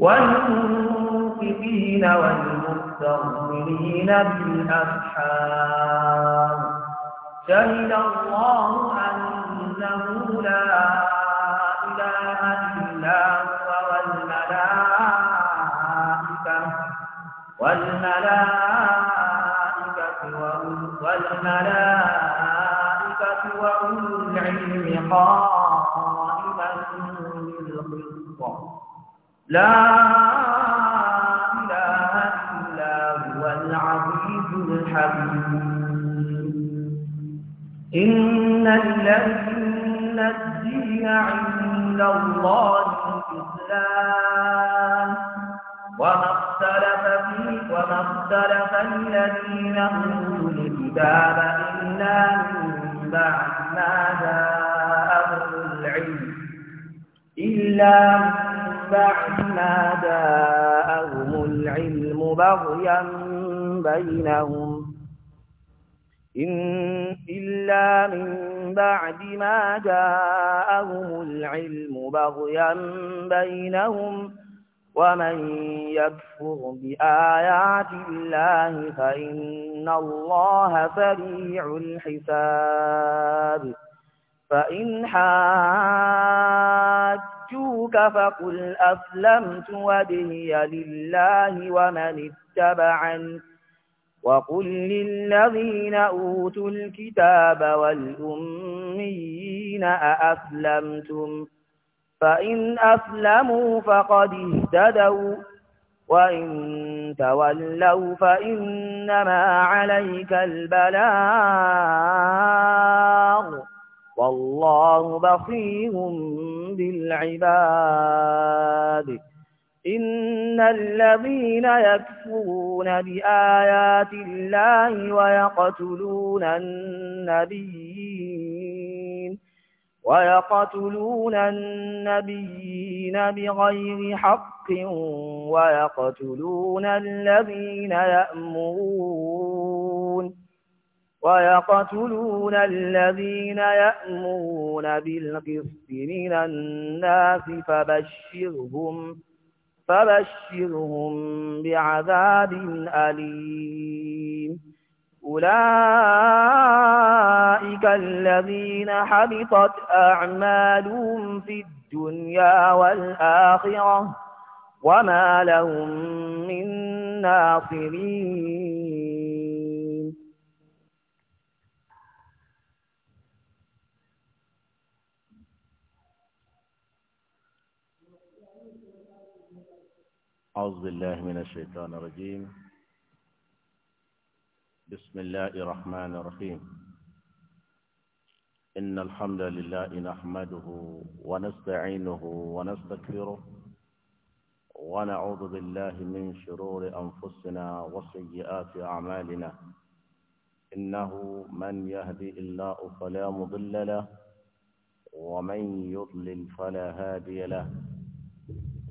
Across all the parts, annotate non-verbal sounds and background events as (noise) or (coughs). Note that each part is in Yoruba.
والمنفقين والمستغفرين بالأسحار شهد الله أنه لا إله إلا هو والملائكة والملائكة والملائكة وأولو العلم قال لا إله إلا هو العزيز الحكيم إن الذين الدين عند الله الإسلام وما اختلف فيه وما اختلف الذين أوتوا الكتاب إلا من بعد ما جاءهم العلم إلا من بعد ما جاءهم العلم بغيا بينهم إن إلا من بعد ما جاءهم العلم بغيا بينهم ومن يكفر بآيات الله فإن الله سريع الحساب فإن حاجوك فقل أسلمت وجهي لله ومن اتبعني وقل للذين أوتوا الكتاب والأميين أأسلمتم فإن أسلموا فقد اهتدوا وإن تولوا فإنما عليك البلاغ والله بصير بالعباد إن الذين يكفرون بآيات الله ويقتلون النبيين ويقتلون النبيين بغير حق ويقتلون الذين يأمرون ويقتلون الذين يأمرون بالقسط من الناس فبشرهم فبشرهم بعذاب أليم أولئك الذين حبطت أعمالهم في الدنيا والآخرة وما لهم من ناصرين أعوذ بالله من الشيطان الرجيم بسم الله الرحمن الرحيم إن الحمد لله نحمده ونستعينه ونستغفره ونعوذ بالله من شرور أنفسنا وسيئات أعمالنا إنه من يهدي الله فلا مضل له ومن يضلل فلا هادي له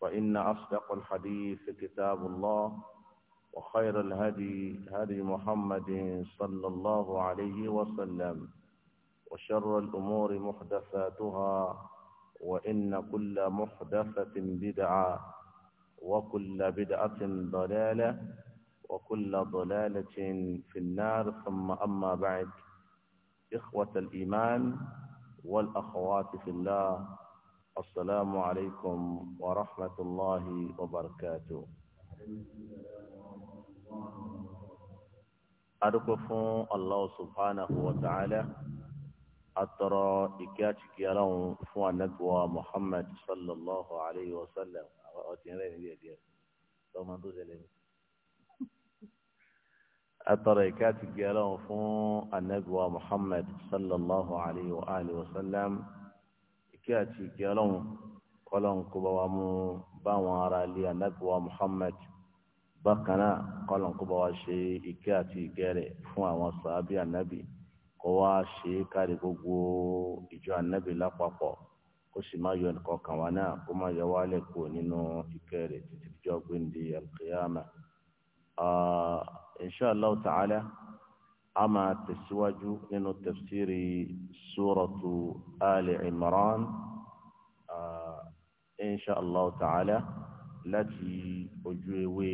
فإن أصدق الحديث كتاب الله وخير الهدي هدي محمد صلى الله عليه وسلم وشر الأمور محدثاتها وإن كل محدثة بدعة وكل بدعة ضلالة وكل ضلالة في النار ثم أما بعد إخوة الإيمان والأخوات في الله السلام عليكم ورحمة الله وبركاته أدوكو الله سبحانه وتعالى أترى إكياتي كيالون فون نبوى محمد صلى الله عليه وسلم أتين رأي أترى إكياتي كيالون فون نبوى محمد صلى الله عليه وآله وسلم kí àti ìkẹ́ ọlọ́run kọ́lọ́run kó bá wa mú báwọn ará ilé anábìwá Muhammad bákan náà kọ́lọ́run kó bá wa ṣe ìkẹ́ àti ìkẹ́ rẹ̀ fún àwọn sàábì anábì kó wá ṣe kárí gbogbo ìjọ anábì lápapọ̀ kó sì má yọ ẹnìkan kan wá náà kó má yọ wálẹ̀ kó nínú ìkẹ́ rẹ̀ títí jọ́ gbéǹde alqiyama. Ah, insha Allah ta'ala a máa tẹ̀síwájú nínú tafsiri suratu ali imran insha allah ta'ala láti ojú ewé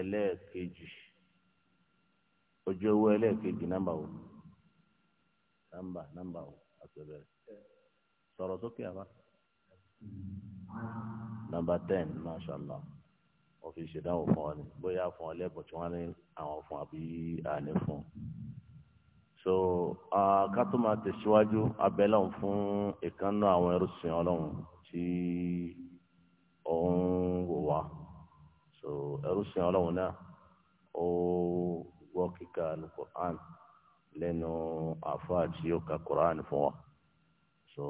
ẹlẹ́ẹ̀kejì ojú ewé ẹlẹ́ẹ̀kejì nọ́mbà wo nọ́mbà nọ́mbà wo àtẹ̀bẹ̀rẹ̀ sọ̀rọ̀ sókè àbá nọ́mbà ten masha allah wọ́n fi ṣèdánwò fún ọ ni bóyá fún ọ lẹ́bùn tí wọ́n ní àwọn fún àbí àní fún. so ká tó máa tẹ̀síwájú abẹ́lẹ̀ ọ̀hún fún ìkànnà àwọn ẹrú sìn ọlọ́run tí òun wò wá so ẹrú sìn ọlọ́run náà ó gbọ́ kíkà ní Qur'an lẹ́nu àfáà tí ó ka Qur'an fún wa so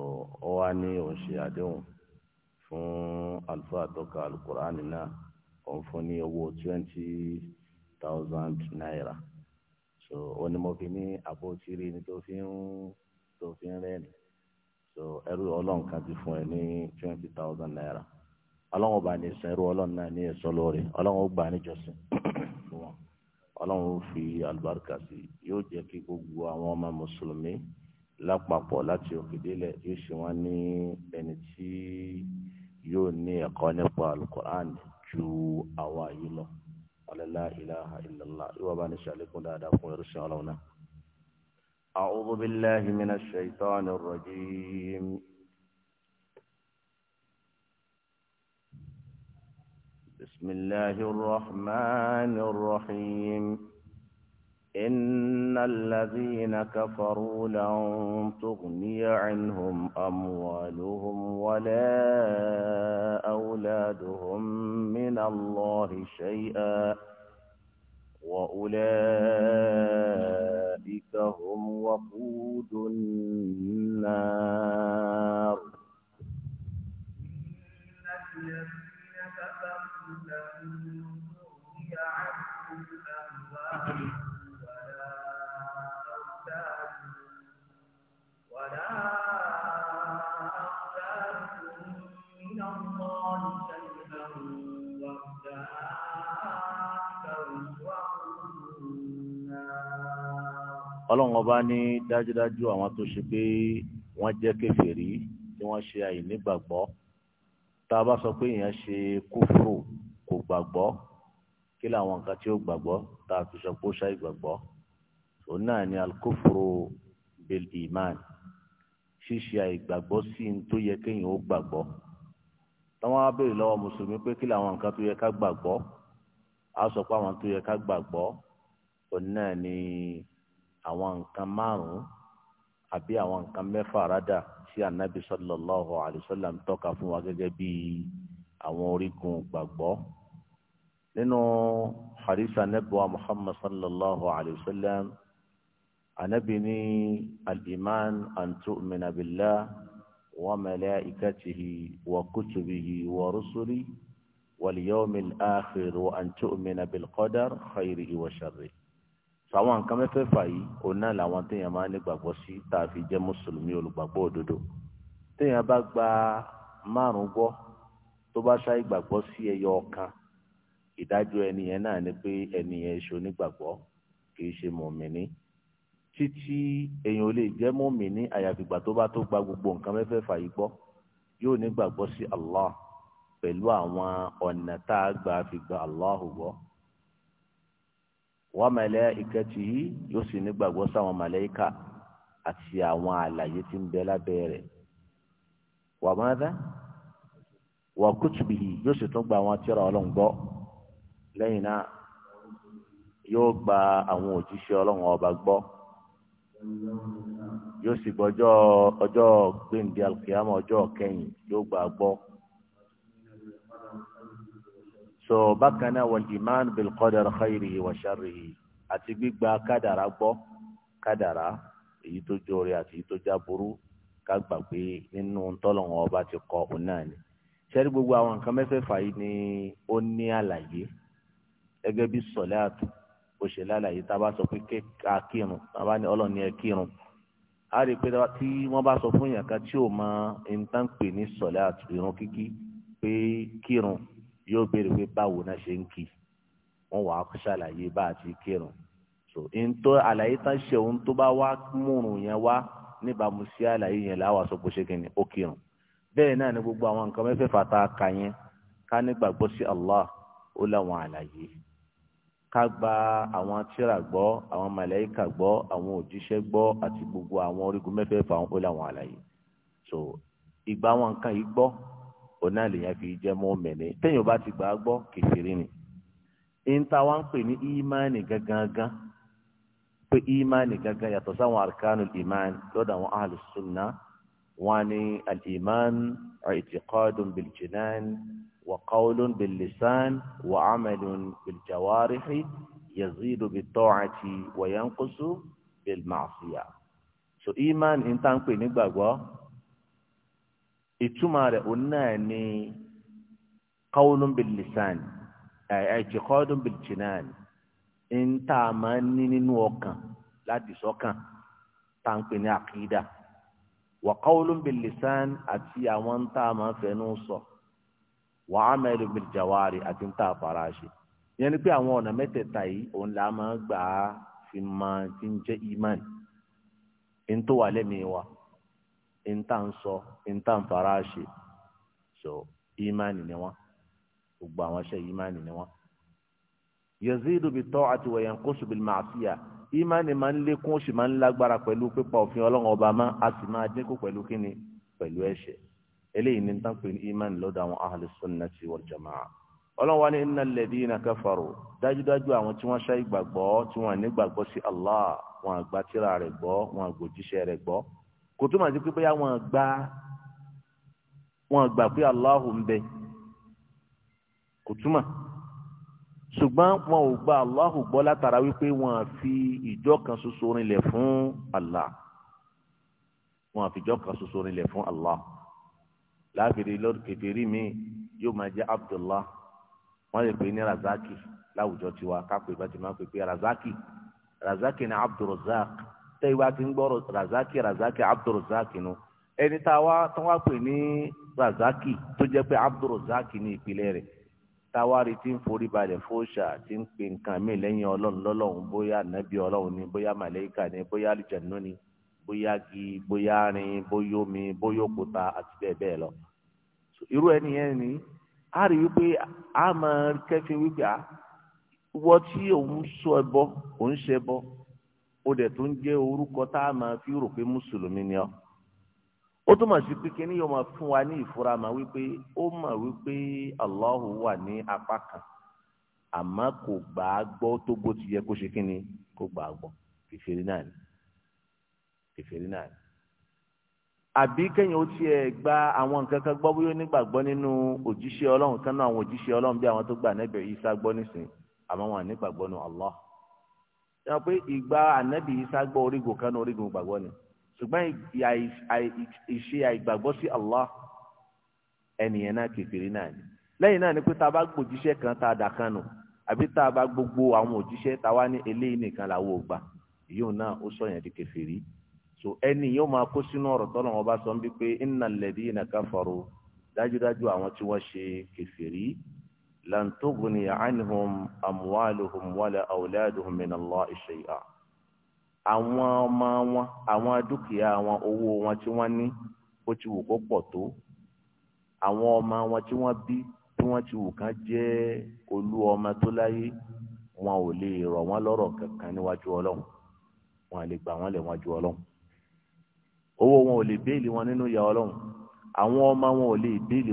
ó wá ní òun ṣe àdéhùn fún àlùfáà tó ka alukur'an náà òun fún ní owó twenty thousand naira so ó ní mo fi ní àpótírí ni tó fi ń tó fi ń rẹ́ẹ̀nì so ẹrú ọlọ́run kan ti fún ẹ ní twenty thousand naira ọlọ́run bá ní sọ ẹrú ọlọ́run náà ní ẹ̀sọ́ lórí ọlọ́run ó gbà níjọsìn (coughs) ọlọ́run ó fi àlùbáríkà sí yóò jẹ́ kí gbogbo àwọn ọmọ mùsùlùmí lápapọ̀ láti òkè délẹ̀ yóò ṣe wọ́n ní ẹni tí yóò ní ẹ̀kọ́ nípa alukur'an ju àwa yìí lọ ọ̀lẹ́lá ilaha illallah ìwà bá ní ṣàlékún dáadáa fún irú sàn ọlọ́run náà. أعوذ بالله من الشيطان الرجيم بسم الله الرحمن الرحيم إن الذين كفروا لن تغني عنهم أموالهم ولا أولادهم من الله شيئا وأولئك هم وقود النار ọlọ́run ọba ní dájúdájú àwọn tó ṣe pé wọ́n jẹ́ kèfèrí tí wọ́n ṣe àìnígbàgbọ́ tá a bá sọ pé èèyàn ṣe kúfùrù kò gbàgbọ́ kí làwọn nǹkan tí ó gbàgbọ́ tá a fi sọ pé ó ṣàì gbàgbọ́ òun náà ni alukófòrò bil iman ṣíṣe àìgbàgbọ́ sí ní tó yẹ kéèyàn ó gbàgbọ́ táwọn á béèrè lọ́wọ́ mùsùlùmí pé kí làwọn nǹkan tó yẹ ká gbàgbọ́ á sọ pé àwọn tó yẹ ká gbàgbọ́ òun náà ni àwọn nǹkan márùn-ún àbí àwọn nǹkan mẹ́fà rádà tí anabi sallallahu alayhi wa sallam tọ́ka fún wa gẹ́gẹ́ bí àwọn orígun gbàgbọ́ nínú hadisa nebua muhammad sallallahu alayhi wa sallam anabi ní al-iman an tu'mina billah wa malaikatihi wa kutubihi wa rusuli wal yawmil akhir wa an tu'mina bil qadar khayrihi wa sharrihi sàwọn nǹkan mẹ́fẹ̀ẹ̀fà yìí òun náà làwọn téèyàn máa ń nígbàgbọ́ sí tá a fi jẹ́ mùsùlùmí olùgbàgbọ́ òdodo téèyàn bá gba márùn gbọ́ tó bá ṣá ìgbàgbọ́ sí ẹyọ ọ̀kan ìdájọ́ ẹni yẹn náà ni pé ẹni yẹn ṣe onígbàgbọ́ kì í ṣe mọ̀mìnì títí èèyàn ò lè jẹ́ mọ̀mìnì àyàfi ìgbà tó bá tó gba gbogbo nǹkan mẹ́fẹ̀ẹ̀fà yìí gbọ́ yóò nígbàgbọ́ sí Allah pẹ̀lú àwọn ọ̀nà tá a gbà fi gba Allah gbọ́ wa malaikatihi yóò sì nígbàgbọ́ sáwọn màláíkà àti àwọn àlàyé tí ń bẹ lábẹ́ rẹ̀ wa madha wa kutubihi yóò sì tún gba àwọn tírà ọlọ́run gbọ́ lẹ́yìn náà yóò gba àwọn òjíṣẹ́ ọlọ́run ọba gbọ́ yóò sì gbọ́ ọjọ́ alkiyama ọjọ́ kẹyìn yóò gbà gbọ́ so bákan náà wal iman bil qadar khayrihi wa sharrihi àti gbígba kádàrá gbọ́ kádàrá èyí tó jóore àti èyí tó jáburú ká gbà pé nínú tọ́lọ̀wọ́n ọba ti kọ òun náà ni ṣẹ́rí gbogbo àwọn nǹkan mẹ́fẹ̀ẹ̀fà yìí ni ó ní àlàyé gẹ́gẹ́ bí sọ̀láàtù ó ṣe lálàyé tá a bá sọ pé ká kírun tá a bá ní ọlọ́ọ̀ni ẹ kírun a rí i pé tí wọ́n bá sọ fún yàn tí ò mọ nǹkan pè ní sọ̀láàtù ìrun kíkí pé kírun yóò béèrè pé báwo náà ṣe ń kì wọ́n wàá ṣàlàyé bá a ti kírun so ntọ́ àlàyé tán ṣe òun tó bá wá múrun yẹn wá níbàámu sí àlàyé yẹn láwàá sọ bó ṣe kìíní ó kírun bẹ́ẹ̀ náà ni gbogbo àwọn nǹkan mẹ́fẹ̀ẹ̀fà tá a yẹn ká nígbàgbọ́ sí Allah ó láwọn àlàyé ká gba àwọn tírà gbọ́ àwọn màláíkà gbọ́ àwọn òjíṣẹ́ gbọ́ àti gbogbo àwọn orígun mẹ́fẹ̀ẹ̀fà ó láwọn àlàyé so ìgbà àwọn nǹkan yìí gbọ́ ọ̀nà lèyàn fi jẹ́ mọ́mìnì téèyàn bá ti gbà á gbọ́ kèfèrí ni ìta wa ń pè ní ìmánì gangan pé ìmánì gangan yàtọ̀ sáwọn arkanu ìmánì lọ́dọ̀ àwọn alùsùnà wọn ni alìmán ìtìkọ́dùn bìlìjìnán wàkọ́ọ̀lùn bìlìsán wàhámẹ́lùn bìlìjàwárìhì yazidu bitọ́ọ̀tì wàyẹ̀ńkùsù bìlìmàṣíyà so ìmánì ìta ń pè ní gbàgbọ́ ìtumọ̀ rẹ̀ òun náà ni qawlun bil lisan i'tiqadun bil jinan ń tà máa ń ní nínú ọkàn láti sọ́kàn tá ń pè ní àkídà wa qawlun bil lisan àti àwọn ń tà máa ń fẹnu sọ wa amalun bil jawari àti ń tà fara ni pé àwọn ọ̀nà mẹ́tẹ̀ẹ̀ta yìí òun là máa gbà á fi máa ti ń jẹ́ imán ń tó wà intan sọ intan fara ṣe so imani ni wọn gbogbo àwọn ṣe imani ni wọn. yazidu bi ta'ati wa yanqusu bil ma'siyah imani máa ń lékún ó máa ń lágbára pẹ̀lú pípa òfin ọlọ́run ọba a sì máa dínkù pẹ̀lú kíni pẹ̀lú ẹ̀ṣẹ̀ eléyìí ni tán pé imani lọ́dọ̀ àwọn ahlu sunnati jama'a ọlọ́run wa ní innal ladina kafaru dájúdájú àwọn tí wọ́n ìgbàgbọ́ tí wọ́n ní gbàgbọ́ sí Allah wọn àgbàtìrà rẹ̀ gbọ́ wọn àgbòjíṣẹ́ rẹ̀ gbọ́ kò tó màá sí pé bóyá wọn gbà wọn gbà pé Allahu ń bẹ kò túmọ̀ ṣùgbọ́n wọn ò gba Allahu gbọ́ látara wípé wọn fi ìjọ kan ṣoṣo rinlẹ̀ fún Allah wọn àfi ìjọ kan ṣoṣo rinlẹ̀ fún Allah láàbìrì lọ́dún kẹfẹ́rí mi yóò máa jẹ́ Abdullah wọ́n lè pè é ní Razaki láwùjọ tiwa kápẹ́ bá ti máa pè pé Razaki Razaki ni Abdulrazak tẹ́ ìwà ti ń gbọ́ razaki razaki abdulrazaki nu ẹni tá a wá tán wá pè ní razaki tó jẹ́ pé abdulrazaki ní ìpìlẹ̀ rẹ̀ táwárí tí ń forí balẹ̀ fóṣà tí ń pe nǹkan mi lẹ́yìn ọlọ́run lọ́lọ́run bóyá nàbí ọlọ́run ni bóyá màlẹ́kà ni bóyá àlùjànnú ni bóyá gi bóyá rin bóyá omi bóyá òkúta àti bẹ́ẹ̀ bẹ́ẹ̀ lọ. irú ẹni yẹn ni a rí wípé a máa kẹ́fín wípé a ah, wọ́n tí òun sọ ẹbọ o dẹ̀ tó ń jẹ́ orúkọ tá a máa fi rò pé mùsùlùmí ni ọ́ ó túmọ̀ sí pé kíní yóò máa fún wa ní ìfura máa wípé ó ma wípé Allahu wà ní apá kan àmọ́ kò gbà á gbọ́ tó bó ti yẹ ni ko náà ni àbí kẹ́yìn ó tiẹ̀ gba àwọn nǹkan kan gbọ́ bóyá onígbàgbọ́ nínú òjíṣẹ́ Ọlọ́run kan náà àwọn òjíṣẹ́ Ọlọ́run bí àwọn tó gbà nẹ́bẹ̀ẹ́ gbọ́ nísìnyí àmọ́ wọn à nígbàgbọ́ wọn pé ìgbà ànábì Isa gbọ́ orígun kan náà orígun ìgbàgbọ́ ni ṣùgbọ́n ìṣe àìgbàgbọ́ sí Allah ẹnìyẹn náà kèfèrí náà ni lẹ́yìn náà ni pé tá a bá gbòjíṣẹ́ kan tá a dà kan nù àbí tá a bá gbogbo àwọn òjíṣẹ́ tá a wá ní eléyìí nìkan làwọn ò gbà yóò náà ó sọ yẹn di kèfèrí so ẹni yóò máa kó sínú ọ̀rọ̀ tọ́lọ̀ wọn bá sọ ń bí pé innal ladina kafaru dájúdájú àwọn tí wọ́n ṣe kèfèrí لن تغني عنهم أموالهم ولا أولادهم من الله شيئا àwọn ọmọ wọn àwọn dúkìá wọn owó wọn tí wọ́n ní bó ti wù kó pọ̀ tó àwọn ọmọ wọn tí wọ́n bí tí wọ́n ti wù kán jẹ́ olú ọmọ tó láyé wọn ò lè rọ̀ wọ́n kankan níwájú Ọlọ́run wọn lè gbà lè wájú owó wọn ò lè béèlì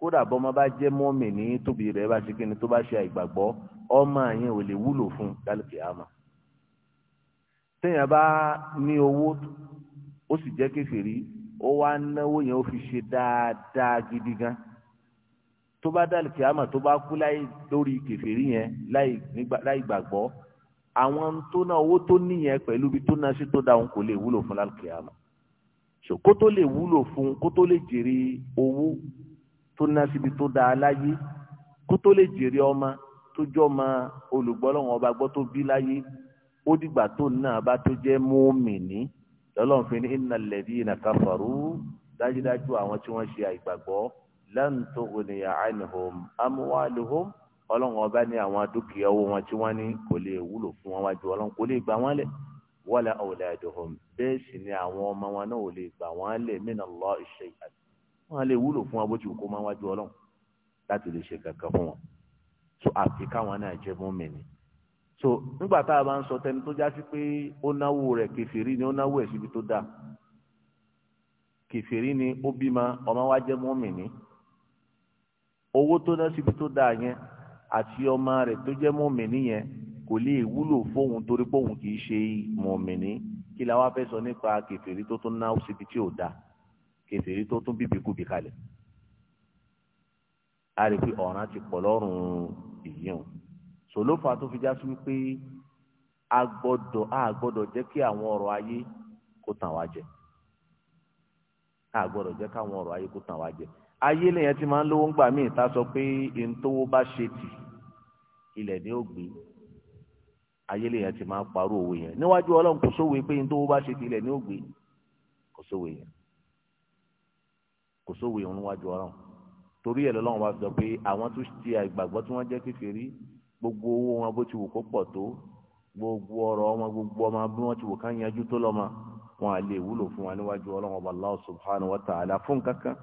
kódà bọ́mọ bá jẹ́ mọ́mì ní tóbi rẹ̀ bá ṣe kíni tó bá ṣe àìgbàgbọ́ ọmọ yẹn ò lè wúlò fún dálùkì àmà téèyàn bá ní owó ó sì jẹ́ kèfèrí ó wá náwó yẹn ó fi ṣe dáadáa gidi gan tó bá dálùkì àmà tó bá kú láì lórí kèfèrí yẹn láì gbàgbọ́ àwọn tó ná owó tó níyẹn pẹ̀lú ibi tó ná sí tó dáhùn kò lè wúlò fún dálùkì àmà kó tó lè wúlò fún kó tó lè jèrè owó tó ná síbi tó dáa láyé kó tó lè jèrè ọmọ tó jọ ọmọ olùgbọ́lọ́wọ́n ọba gbọ́ tó bí láyé ó dìgbà tó náà bá tó jẹ́ mùmínì lọ́lọ́run fi ní innal ladhina kafaru dájúdájú àwọn tí wọ́n ṣe àìgbàgbọ́ lan tughniya anhum amwaluhum ọlọ́run ọba ní àwọn dúkìá owó wọn tí wọ́n ní kò lè wúlò fún wọn wájú ọlọ́run kò lè gbà wọ́n lẹ̀ wala auladuhum bẹ́ẹ̀ sì ni àwọn ọmọ wọn náà ò lè gbà wọ́n lẹ̀ minallahi wọn lè wúlò fún wa bó ti wù kó máa wájú ọlọ́run láti lè ṣe kankan fún wọn so àfi káwọn náà jẹ mọ́mìnì so nígbà tá a bá ń sọ tẹni tó jásí pé ó náwó rẹ̀ kẹfìrí ni ó náwó ẹ̀ síbi tó dáa kẹfìrí ni ó bímọ ọmọ wa jẹ mọ́mìnì owó tó ná síbi tó dáa yẹn àti ọmọ rẹ̀ tó jẹ mọ́mìnì yẹn kò lè wúlò fóun torí pé òun kì í ṣe mọ́mìnì kí la wá fẹ́ sọ nípa kẹfìrí tó tún náwó síbi tí ò dáa kèfèrí tó tún bíbí kúbi kalẹ̀ a rí i pé ọ̀ràn ti pọ̀ lọ́rùn ìyẹn sòlófà tó fi já sí wípé a gbọ́dọ̀ a gbọ́dọ̀ jẹ́ kí àwọn ọ̀rọ̀ ayé kó tàn wá jẹ a gbọ́dọ̀ jẹ́ káwọn ọ̀rọ̀ ayé kó tàn wá jẹ ayé lèyàn ti máa ń lówó ńgbà míì tá a sọ pé ntòwó bá ṣe tì ilẹ̀ ní ògbé ayé lèyàn ti máa ń parọ́ òwe yẹn níwájú ọlọ́run kò sówó pé ntòwó bá ṣe tì ilẹ̀ ní ògbé kò sówó yẹn kò sóòwe òun wájú ọ̀ràn torí ẹ̀ lọ́lọ́run wá sọ pé àwọn tó ti àgbàgbọ́ tí wọ́n jẹ́ kékeré gbogbo owó wọn bó ti wù kó pọ̀ tó gbogbo ọrọ̀ wọn gbogbo ọmọ bí wọ́n ti wù ká yanjú tó lọ́mọ wọn à lè wúlò fún wa níwájú ọlọ́run ọba Allah subhanahu wa ta'ala fún kankan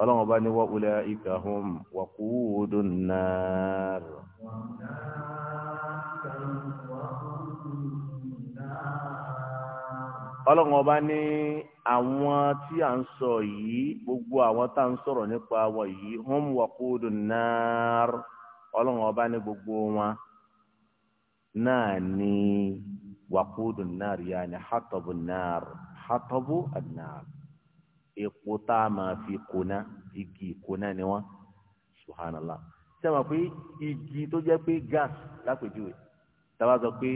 ọlọ́run ọba ni wa ulaika hum waqudun nar. ọlọ́run ọba ní àwọn tí à ń sọ yìí gbogbo àwọn tá à ń sọ̀rọ̀ nípa wọn yìí hum waqudun nar ọlọ́run ọba ní gbogbo wọn náà ní waqudun nar yaani hatabun nar hatabu an-nar epo tá a máa fi kóná igi ìkóná ni wọn subhanallah sẹ́wọ̀n pé igi tó jẹ́ pé gas lápèjúwe tá sọ pé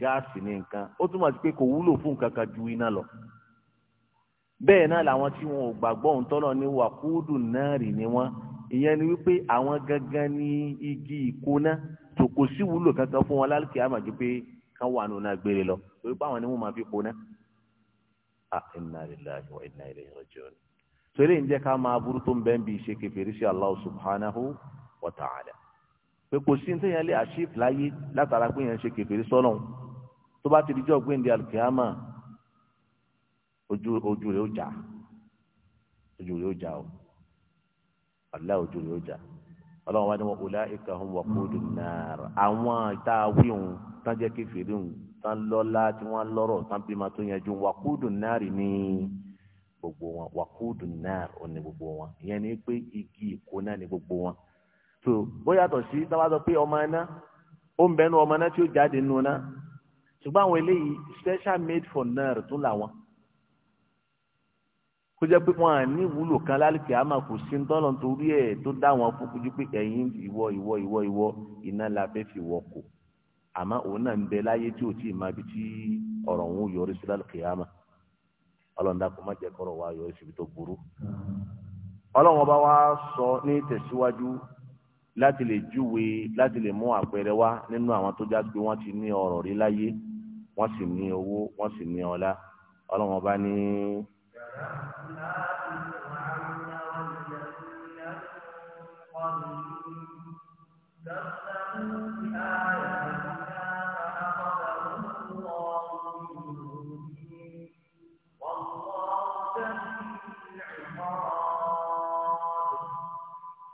gáàsì ní nǹkan ó túmọ̀ sí pé kò wúlò fún nǹkan kan ju iná lọ bẹ́ẹ̀ náà làwọn tí wọn ò gbàgbọ́ ohun ní wàkúùdù náà rì ní wọn ìyẹn ni wípé àwọn gangan ní igi ìkóná tó kò sí wúlò kankan fún wọn lálùkì àmàjú pé kán wà nù náà gbére lọ torí àwọn ni wọn máa fi kóná. a inna lillahi wa inna ilayhi raji'un torí ń jẹ́ ká máa burú tó ń bẹ́ẹ̀ bí ṣe kẹfìrí sí Allah subhanahu wa ta'ala pé kò sí ní tẹ́yẹn lé àṣìf láyé látara pé yẹn ṣe kẹfìrí sọ́lọ́hún tó bá ti di jọ́ gbẹ̀ǹdé alùkìyàmà ojú ojú rẹ̀ ó jà ojú o ọ̀là ojú rẹ̀ ó jà ọlọ́run wá ní wọn ọ̀là ìka hàn wọ́n kó dùn náírà àwọn ìta tán gbogbo wọn kó gbogbo wọn ni pé igi ìkó náà gbogbo wọn tó bóyá sí pé ọmọ náà ó ṣùgbọ́n àwọn eléyìí special made for nar tún làwọn kó jẹ́ pé wọ́n à ní ìwúlò kan lálùkì àmà kò sí ńtọ́nà torí ẹ̀ tó dá wọn fún kojú pé ẹ̀yin ìwọ ìwọ ìwọ ìwọ iná la fẹ́ fi wọ kù àmọ́ òun náà ń bẹ láyé tí ò tí ì máa bi tí ọ̀rọ̀ òun yọrí sí lálùkì àmà ọlọ́ọ̀dà kò má jẹ́ kọ́rọ̀ wa yọrí síbi tó burú ọlọ́wọ́n bá wa sọ ní tẹ̀síwájú láti lè júwe láti lè mú àpẹẹrẹ wá nínú àwọn tó já pé wọ́n ti ní ọ̀rọ̀ rí láyé wọ́n sì ní owó wọ́n sì ní ọlá ọlọ́run ọba ní.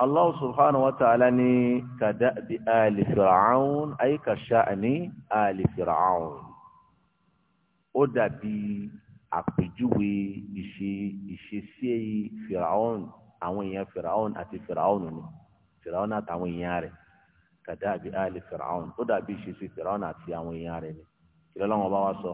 Allah subhanahu wa ta'ala ni kàdá bi ali fir'aun ay ka sha'ni ali fir'aun ó dàbí àpèjúwe ìṣe ìṣesí fìràwọn àwọn èèyàn fìràwọn àti fìràwọn ni fìràwọn àtàwọn èèyàn rẹ̀ kàdáàbí àlè fìràwọn ó dàbí ìṣesí fìràwọn àti àwọn èèyàn rẹ̀ ni ìrọ̀lẹ́ wọn bá wá sọ.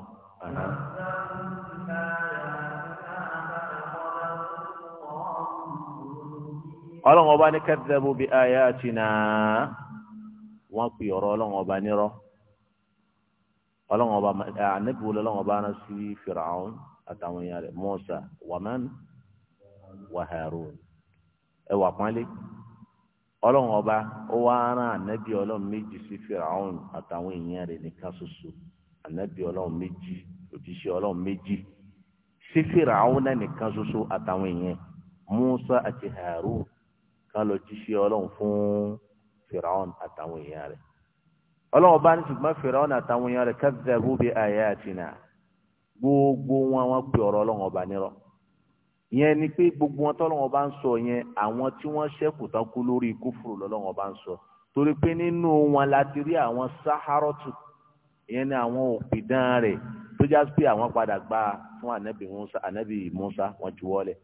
ọlọ́run ọba ní kẹ́tẹ́bù bí ayé àti náà wọ́n pè ọ̀rọ̀ ọlọ́run ọba nírọ́ ọlọ́wọ́n ọba ànábì wo lọ́wọ́n ọba ara sí firaun àtàwọn èèyàn rẹ̀ Musa wàmán wa Harun ẹ wà pọ́nlé ọlọ́wọ́n ọba ó wá ara ànábì ọlọ́wọ́n méjì sí firaun àtàwọn èèyàn rẹ̀ nìkan ṣoṣo ànábì ọlọ́wọ́n méjì òjíṣẹ́ ọlọ́wọ́n méjì sí firaun náà nìkan ṣoṣo àtàwọn èèyàn Musa àti Harun ká jíṣẹ́ ọlọ́wọ́n fún firaun àtàwọn èèyàn rẹ̀ ọlọ́wọ́ bá ní ṣùgbọ́n Fíráúnà àtàwọn èèyàn rẹ̀ kazzabu bi ayatina gbogbo wọn wọn pe ọ̀rọ̀ ọlọ́wọ́ bá nírọ̀ ìyẹn ni pé gbogbo wọn tọ́lọ́wọ́ bá ń sọ yẹn àwọn tí wọ́n ṣẹ́kù tán kú lórí kúfùrù lọ́lọ́wọ́ bá ń sọ torí pé nínú wọn la ti rí àwọn sáhárọ́tù ìyẹn ni àwọn òpìdán rẹ̀ tó já pé àwọn padà gbà fún ànábì Musa ànábì Musa wọn juwọ́lẹ̀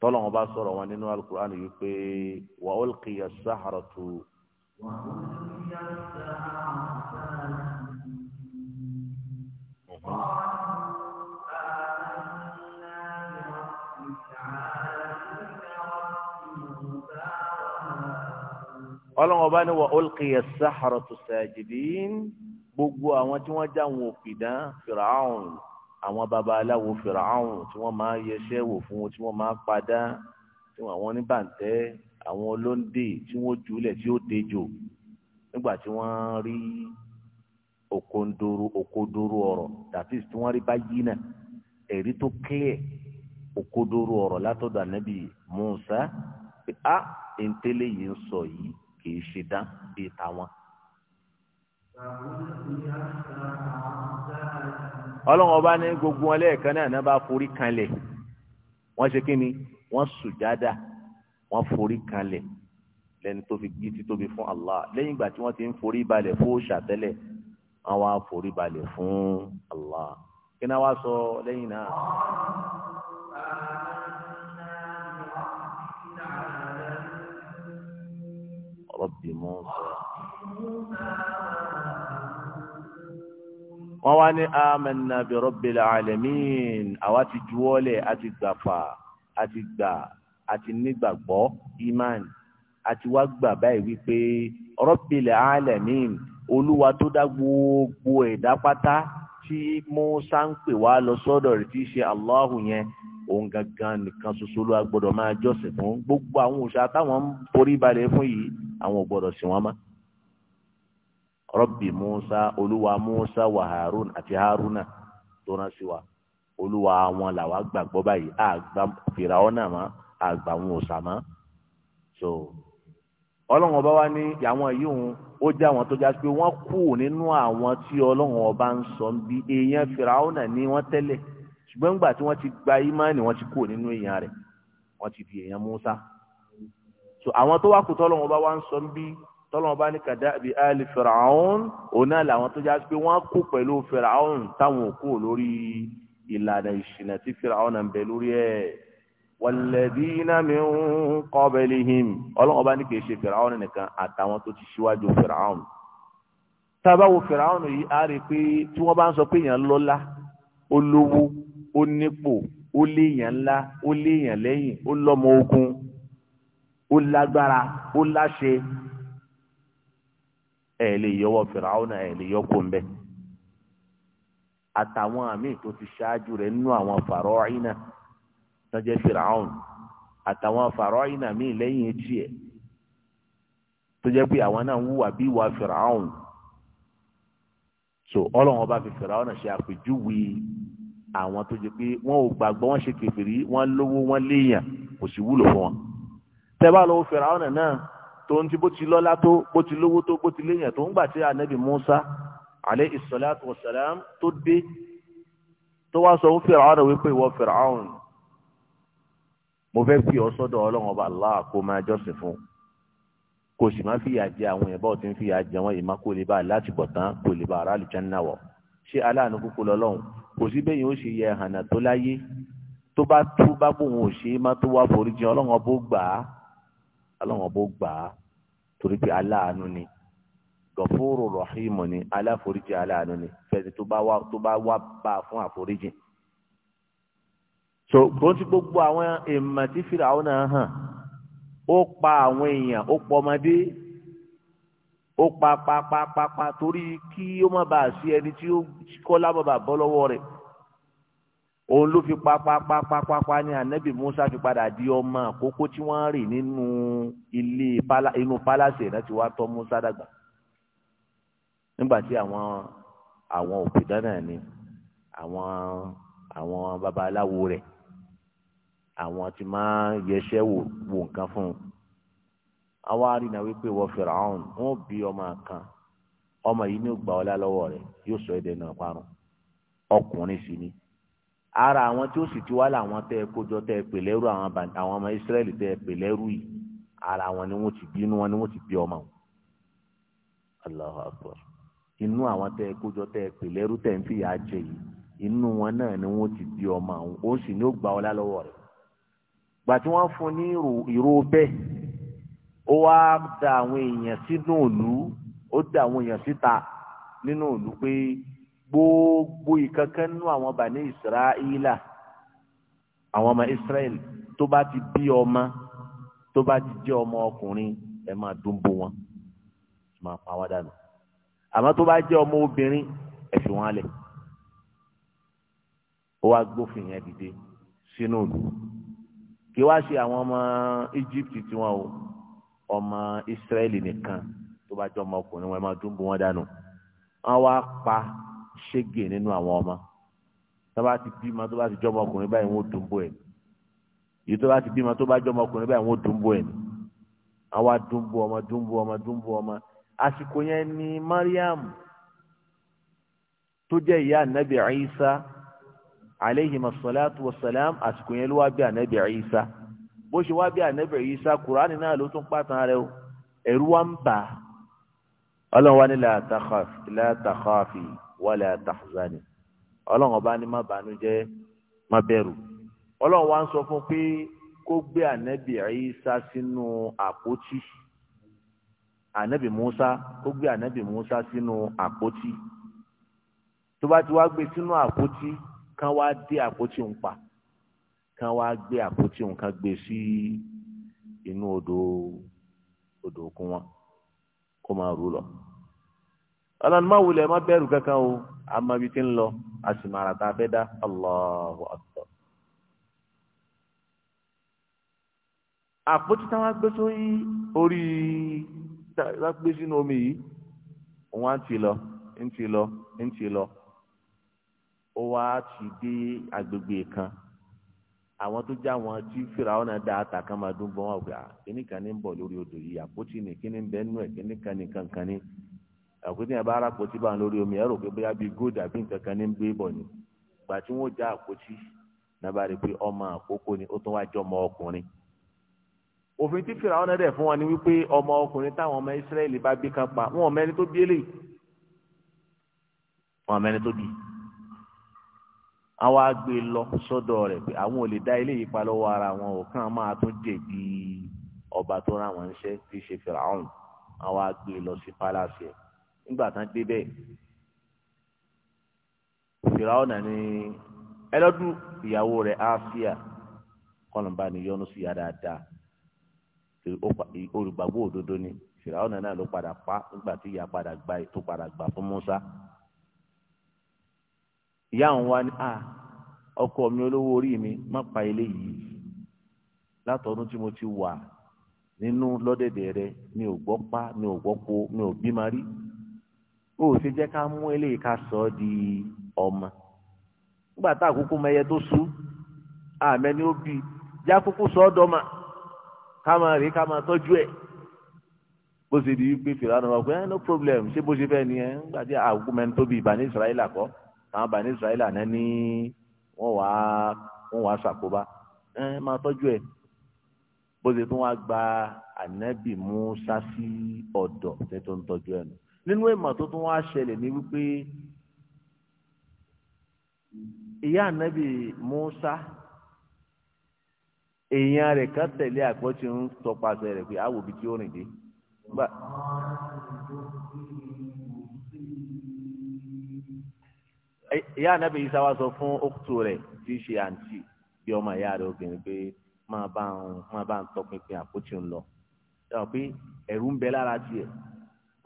tọ́lọ́wọ́ bá sọ̀rọ̀ wọn nínú alukur'an yìí pé wa ulqiya sáhárọ́tù ọlọ́run ọba ní wa olùkìyà sàhàrà tó sàjìdín gbogbo àwọn tí wọ́n já wọn òpìdán fìràhùn àwọn baba aláwo fìràhùn tí wọ́n máa yẹsẹ́ wò fún wọn tí wọ́n máa padà tí wọ́n àwọn oníbàǹtẹ́ àwọn olóńdè tí wọ́n jùlẹ̀ tí ó dejò nígbà tí wọ́n rí okondoro okodoro ọ̀rọ̀ that is tí wọ́n rí báyìí náà èrí tó clear okodoro ọ̀rọ̀ látọ̀dọ̀ ànábì Musa pé a ntẹ́lẹ̀ yìí ń sọ yìí kì í ṣe dán bíi tàwọn. ọlọ́run ọba ní gbogbo wọn lẹ́ẹ̀kan náà náà bá forí kanlẹ̀ wọ́n ṣe kí ni wọ́n sùjádà wọ́n forí kanlẹ̀ lẹ́ni tó fi gbé títóbi fún Allah lẹ́yìn ìgbà tí wọ́n ti ń forí balẹ̀ fún òòṣà tẹ́lẹ̀ wọ́n wá forí balẹ̀ fún Allah kí náà wá sọ lẹ́yìn náà. Rabbi Musa. wọ́n wá ní amanna bi rabbil alamin àwa ti juwọ́lẹ̀ àti gbàfà àti gbà àti nígbàgbọ́ imani àti wá gbà báyìí wípé Rabbil alamin olúwa tó dá gbogbo ẹ̀dá pátá tí Mùsá ń pè wá lọ sọ́dọ̀ rẹ̀ tí í ṣe Allahu yẹn òun gangan nìkan ṣoṣo ló gbọ́dọ̀ máa jọ́sìn fún gbogbo àwọn òòṣà táwọn ń forí balẹ̀ fún yìí àwọn ò sìn wọ́n mọ́. Rabbi Musa olúwa Musa wa Harun àti Haruna tó rán sí wa olúwa wọn làwa gbàgbọ́ báyìí àgbà fìràwọ́ náà mọ́ àgbà wọn òòṣà mọ́ so ọlọ́run ọba wa ní àwọn yìí òun ó jẹ́ àwọn tó já pé wọ́n kù nínú àwọn tí ọlọ́run ọba ń sọ bí èèyàn fìràwọ́nà ní wọ́n tẹ́lẹ̀ ṣùgbọ́n nígbà tí wọ́n ti gba ìmánì wọ́n ti kù nínú èèyàn rẹ̀ wọ́n ti di èèyàn Musa so àwọn tó wá kù tọ́lọ́run ọba wa ń sọ bí tọ́lọ́run ọba ní kàdá àbí àlè fìràwọ́n òun làwọn tó já pé wọ́n kù pẹ̀lú fìràwọ́n táwọn ò lórí ìlànà ìṣìnà tí fìràwọ́n ń bẹ lórí ẹ̀ wàlẹ́dínà min qablihim ọlọ́run ọba ní kì í ṣe fìràwọn nìkan àtàwọn tó ti ṣíwájú fìràwọn tábà wo fìràwọn yìí á rí i pé tí wọ́n bá ń sọ pé èèyàn lọ́lá ó lówó ó nípò ó léèyàn ńlá ó léèyàn lẹ́yìn ó lọ́mọ ogun ó lágbára ó láṣẹ ẹ̀ lè yọwọ́ fìràwọn ẹ̀ lè yọ kó àtàwọn àmì tó ti ṣáájú rẹ̀ nínú àwọn fàrọ̀ ọ̀hìn náà tó jẹ́ firaun àtàwọn fàrọ́ ìnà míì lẹ́yìn etí ẹ̀ tó jẹ́ pé àwọn náà ń wúwà bí ìwà firaun so ọlọ́run ọba fi firaun ṣe àpèjúwe àwọn tó jẹ́ pé wọ́n ò gbàgbọ́ wọ́n ṣe kèfèrí wọ́n lówó wọ́n léèyàn kò sì wúlò fún wọn tẹ́bà lọ́wọ́ firaun náà tó ń ti bó ti lọ́lá tó bó ti lówó tó bó ti léèyàn tó ń gbà tí anabi Musa alayhi salatu wassalam tó dé tó wá sọ fún firaun wípé ìwọ firaun mo fẹ́ fi ọ sọ́dọ̀ ọlọ́run ọba Allah kó máa jọ́sìn fún kò sì máa fìyà jẹ àwọn yẹn báwo ti ń fìyà jẹ wọn ìmá kó lè bá láti bọ̀ tán kó lè bá aráàlú jẹ́nà wọ̀ ṣé aláàánú kúkú lọ́lọ́run kò sí bẹ́ẹ̀ yóò ṣe yẹ hànà tó láyé tó bá tú bá bòun ò ṣe é má tó wá foríjì ọlọ́run ọbó gbà á ọlọ́run ọbó gbà á torí pé aláàánú ni gọ̀fóró rọ̀hìmù ni aláforíjì aláàánú ni fẹ́ẹ́ tó bá wá fún àforíjì so bó ti gbogbo àwọn èèmọ̀ tí fìràwọ́ náà hàn ó pa àwọn èèyàn ó pọ ọmọdé ó pa papapapa torí kí ó má bàa sí ẹni tí ó kọ́ lábàbà bọ́ lọ́wọ́ rẹ̀ òun ló fi papapapapa ní anabi musa fi padà di ọmọ àkókò tí wọ́n rì nínú ilé inú pálásì náà ti wá tọ́ musa dàgbà nígbà tí àwọn àwọn òpìdán náà ní àwọn àwọn babaláwo rẹ̀ àwọn tí máa yẹsẹ wò wò nǹkan fún un àwa àrínà wípé wọ Fìràwọn wọn bí ọmọ kan ọmọ yìí ní gbà ọlá lọ́wọ́ rẹ̀ yóò sọ èdè náà parun ọkùnrin sì ni ara àwọn tí ó sì ti wá làwọn tẹ kójọ tẹ pèlẹrú àwọn àwọn ọmọ Ísírẹ́lì tẹ pèlẹrú yìí ara wọn ni wọn ti bí inú wọn ni wọn ti bí ọmọ wọn Allahu Akbar inú àwọn tẹ kójọ tẹ pèlẹrú tẹ ń fìyà jẹ yìí inú wọn náà ni wọn ti bí ọmọ wọn ó sì ní ó gbà ọlá lọ́wọ́ rẹ̀ gbà tí wọ́n fún ní ìró bẹ́ẹ̀ ó wá da àwọn èèyàn sínú òlú ó da àwọn èèyàn síta nínú òlú pé gbogbo ìkankan nínú àwọn bàní ìsiraílà àwọn ọmọ israẹl tó bá ti bí ọmọ tó bá ti jẹ́ ọmọ ọkùnrin ẹ máa dúnbó wọn máa pa wọn dànù àmọ́ tó bá jẹ́ ọmọ obìnrin ẹ fi wọn lẹ̀ ó wá gbófin yẹn dìde sínú òlú kí wá ṣe àwọn ọmọ Egypt tiwọn o ọmọ Israel nìkan tó bá jọ ọmọ ọkùnrin wọn ẹ máa dún bú wọn dànù wọn wá pa ṣége nínú àwọn ọmọ tó bá ti bímọ tó bá ti jọ ọmọ ọkùnrin báyìí wọn ò dún bú ẹ yìí tó bá ti bímọ tó bá jọ ọmọ báyìí wọn ò dún bú ẹ àwa dún bú ọmọ dún bú ọmọ dún bú ọmọ àsìkò yẹn ni Mariam tó jẹ́ ìyá anabi Isa aleyhi masalatu wasalam àsìkò yẹn ló wá bí anabi isa bó ṣe wá bí anabi isa kuraani náà ló tún pàtàn rẹ o ẹ̀rù wa ń bà á ọlọ́run wa ní la takhafi wala tahzani ọlọ́run ọba ní má bànújẹ́ má bẹ̀rù ọlọ́run wa ń sọ fún pé kó gbé anabi isa sínú àpótí anabi musa kó gbé anabi musa sínú àpótí tó bá ti wá gbé sínú àpótí kán wá dé àpótí òun pa kán wá gbé àpótí òun kán gbé sí inú odò odò òkun wọn kó máa rú lọ. ọlọ́run má wulẹ̀ má bẹ̀rù kankan o àmọ́ ibi tí ń lọ a sì máa ràtà abẹ́ dá Allahu Akbar. àpótí táwọn gbé sórí orí táwọn gbé sínú omi yìí òun á ti lọ ń ti lọ ń ti lọ. ó wá ti dé agbègbè kan àwọn tó já wọn tí fìràwọn náà dá ata kan máa dún bọ wọn kíní kan ní ń bọ̀ lórí odò yìí ni kíní kan ní kankan ní àpótí yẹn bá omi ẹrù pé bóyá bíi góòdù àbí nǹkan kan ní ń gbé bọ̀ ni gbà tí i pé ọmọ àkókò ni ó tún wá jọ ọmọ ọkùnrin òfin tí fìràwọn fún wọn ni wípé ọmọ ọkùnrin táwọn ọmọ àwọn agbè e lọ sọ́dọ̀ rẹ̀ pé àwọn ò lè dá eléyìí pa lọ́wọ́ ara wọn ò kàn máa tún jẹ̀bi ọba tó ra wọn ṣẹ́ tí í ṣe fìràhùn àwọn agbè e lọ sí pálásì ẹ̀ nígbà tán dé bẹ́ẹ̀ fìràhùn ni ẹlọ́dún ìyàwó rẹ̀ áfíà kọ́nùbá ni yọnu sí ya dáadáa olùgbàgbọ́ òdodo ni fìràhùn náà ló padà pa nígbà tí ìyá padà gba ètò padà gbà fún Musa ìyá àwọn wa ni a ọkọ mi olówó orí mi má pa eléyìí látọdún tí mo ti wà nínú lọ́dẹ̀dẹ̀ rẹ mi ò gbọ́ pa mi ò gbọ́ po mi ò bímọ rí o ò ṣe jẹ́ ká mú eléyìí ká sọ ọ́ di ọmọ nígbà tá àkókò mẹyẹ tó sú àmẹ́ni ó bí já kúkú sọ ọ́ dọ́mà ká máa rèé ká máa tọ́jú ẹ̀ bó ṣe di wípé fìlà náà wà pé eh, no problem ṣé bó ṣe fẹ́ ni ẹ̀ ń gbàdí àgùnmẹ́ni tó bí ìbàní ìsirayílà kọ́ àwọn bani israẹli àná ní wọ́n wá wọ́n wá ṣàkóbá ẹ máa tọ́jú ẹ bó ṣe tún wá gba ànábì Mùsá sí ọ̀dọ̀ ṣe tó ń tọ́jú ẹ nù nínú ìmọ̀ tó tún wá ṣẹlẹ̀ ní wípé ìyá ànábì Mùsá èèyàn rẹ̀ kan tẹ̀lé àpótí ń tọpasẹ̀ rẹ̀ pé àwòbí tí ó rìn dé ìyá anabi isa wa sọ fún okutu rẹ̀ tí í ṣe àǹtí bí ọmọ ìyá rẹ̀ obìnrin pé máa bá ń máa bá ń tọpinpin àpótí ń lọ yàrá pé ẹ̀rù ń bẹ lára tiẹ̀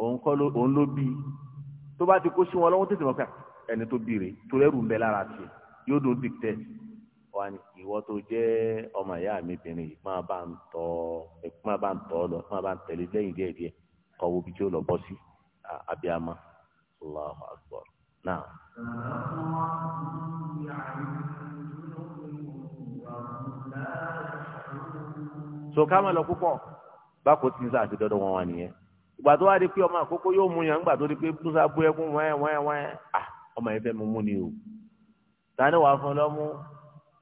òun kọ́ ló òun ló bí tó bá ti kó sí wọn lọ́wọ́ tètè mọ̀ pé ẹni tó bí rèé torí ẹ̀rù ń bẹ lára tiẹ̀ yóò dùn dìtẹ̀ wà ní ìwọ tó jẹ́ ọmọ ìyá mi bìnrin yìí máa bá ń tọ́ máa bá ń tọ́ lọ máa bá ń tẹ̀lé lẹ́yìn díẹ̀ díẹ̀ kọ́ wo bí tí ó lọ bọ́ sí abiyama Allahu akbar náà so ká máa lọ púpọ̀ báko tí ń sá àti dọ́dọ̀ wọn wà nìyẹn ìgbà tó wá di pé ọmọ àkókò yóò mú yàn ńgbà tó di pé musa bú ẹkún wẹ́ẹ́ wẹ́ẹ́ wẹ́ẹ́ à ọmọ yẹn fẹ́ mú mú ni o tani wàá fún lọ́mú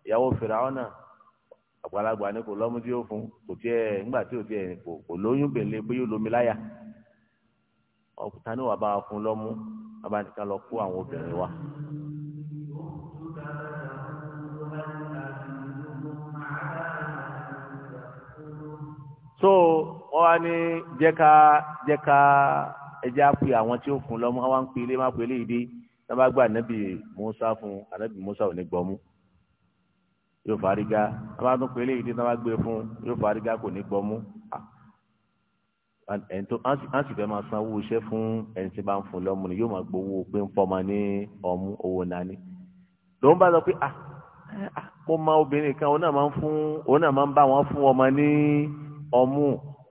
ìyàwó Fìráúnà àgbàlagbà ni kò lọ́mú tí ó fún kò tiẹ̀ ńgbà tí ò tiẹ̀ kò lóyún bèlè pé yóò lómi láyà tani wàá bá wa fún lọ́mú bàbá nìkan lọ kó àwọn obìnrin wa. so wọn wá ní jẹ́ ká jẹ́ ká ẹjẹ á pè àwọn tí ó kún lọmọ wọn wá ń pè ilé má pè ilé ìdí náà bá gba ànábì Musa fún ànábì Musa ò ní gbọmú yóò fàrígá náà bá tún pè ilé ìdí náà bá gbé e fún yóò fàrígá kò ní gbọmú ẹni tó á sì fẹ́ máa san owó iṣẹ́ fún ẹni tí bá ń fún lọ́mú ni yóò máa gbowó pé ń fọmọ ní ọmú owó nání ló ń bá sọ pé à ah, ah, mo ma obìnrin kan òun náà máa ń fún òun náà máa ń bá wọn fún ọmọ ní ọmú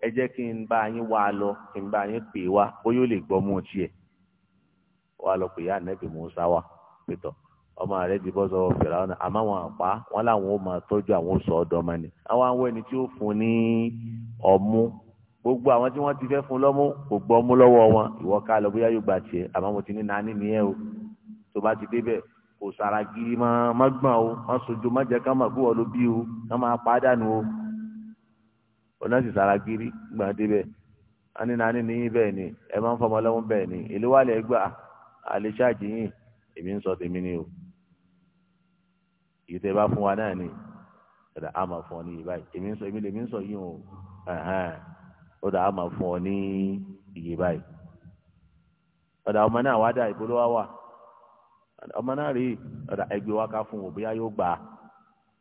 ẹ jẹ́ kí n bá yín wá lọ kí n bá yín pè wá bóyá ó lè gbọ́ mú tiẹ̀ wá lọ pè yá nẹ́bí Musa wá pétọ́ ọmọ rẹ ti bọ́ fìlà ọ̀nà àmọ́ àwọn àpá wọn làwọn ò máa tọ́jú àwọn oṣù ọ̀dọ́ àwọn àwọn ẹni tí ó fún ní ọmú gbogbo àwọn tí wọ́n ti fẹ́ fún lọ́mú kò gbọ́ mú lọ́wọ́ wọn ìwọ ká lọ bóyá yóò gbà tiẹ̀ àmọ́ mo ti ní nání nìyẹn o tó bá ti débẹ̀ kò sara giri má má gbọ̀n o má sojú má jẹ́ ká má kó wọ́n ló bí o ká má pàdánù o ọ̀nà sì sara giri gbà débẹ̀ ani nani ni bẹ́ẹ̀ ni ẹ máa ń fọmọ lọ́wọ́ bẹ́ẹ̀ ni ìlú wa lè gbà ṣáàjì yìí èmi ń sọ tèmi ni o yìí tẹ bá fún wa náà ni ẹ̀dá a fún ọ ní yìí ó dà á máa fún ọ ní iye báyìí ọ̀dà ọmọ náà wá dà ìpolówó wà ọmọ náà rí ọ̀dà ẹgbẹ́ wa ká fún wò bóyá yóò gbà á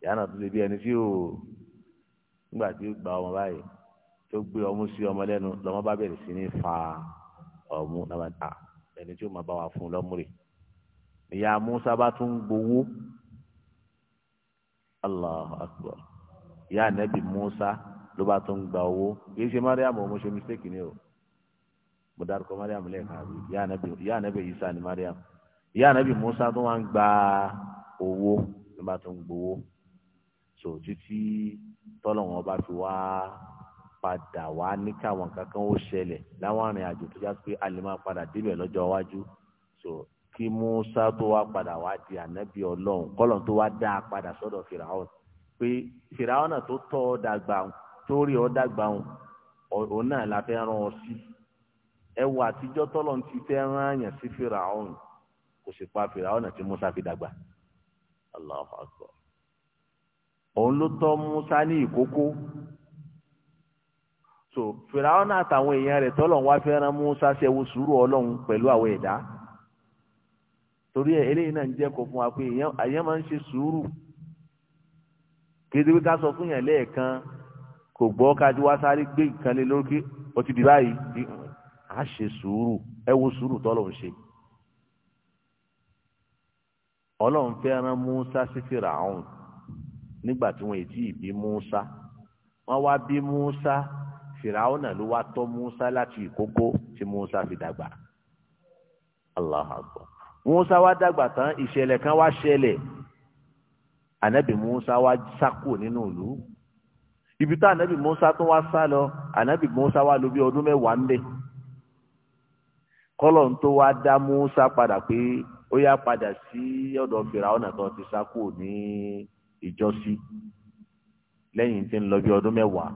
ìyá náà tó ṣe bí ẹni tí ò nígbà tí ó gba ọmọ báyìí tó gbé ọmú sí ọmọ lẹ́nu lọ́mọ bá bẹ̀rẹ̀ sí ní fa ọmú náà ta ẹni tí ó máa bá wa fún lọ́mú rè ìyá Musa bá tún gbowó Allahu Akbar ìyá anabi Musa ló bá tún gba owó kìí ṣe mariam o mo ṣe mistake ni o mo dárúkọ mariam lẹ́ẹ̀kan àbí ìyá ànábì isa ni mariam ìyá ànábì musa tó wá ń gba owó ló bá tún gbowó so títí tọ́lọ́wọ́n bá fi wá padà wá ní káwọn kankan ó ṣẹlẹ̀ láwọn arìnrìn àjò tó já pé a lè máa padà débẹ̀ lọ́jọ́ iwájú so kí musa tó wá padà wá di ànábì ọlọ́run kọ́lọ́n tó wá dá a padà sọ́dọ̀ fìràwọ̀n pé fìràwọ̀n náà tó tọ́ ọ dàgbà torí ọ dàgbà òun náà la fẹ́ rán ọ sí ẹ wọ àtijọ́ tọ́lọ̀ ti fẹ́ rán àyàn sí fìràhùn kò sì pa fìràhùn tí Musa fi dàgbà Allahu Akbar òun ló tọ́ Musa ní ìkókó so fìràhùn àtàwọn èèyàn rẹ̀ tọ́lọ̀ wá fẹ́ rán Musa ṣe wo sùúrù Ọlọ́run pẹ̀lú àwọn ẹ̀dá torí ẹ eléyìí náà ń jẹ́ kó fún wa pé èèyàn ń ṣe sùúrù kéde wí ká sọ fún yàn lẹ́ẹ̀kan kò gbọ́ kájú wá sáré gbé nǹkan lé lórí ó ti di báyìí á ṣe sùúrù ẹ wo sùúrù tọ́lọ̀ ń ṣe. ọlọ́run fẹ́ rán Musa sí Firaun nígbà tí wọ́n èjì bí Musa wọ́n wá bí Musa Firaun náà ló wá tọ́ Musa láti ìkókó tí Musa fi dàgbà. Musa wá dàgbà tán ìṣẹ̀lẹ̀ kan wá ṣẹlẹ̀ ànábì Musa wá sákò nínú ìlú. ibi tá ànábì Musa tó wá sá lọ ànábì Musa wá lò bí ọdún mẹ́wàá ń bẹ kọlọ̀ tó wá dá Musa padà pé ó yá padà sí ọ̀dọ̀ Fìràwọ́nà tó ti sá kúrò ní ìjọsí lẹ́yìn tí ń lọ bí ọdún mẹ́wàá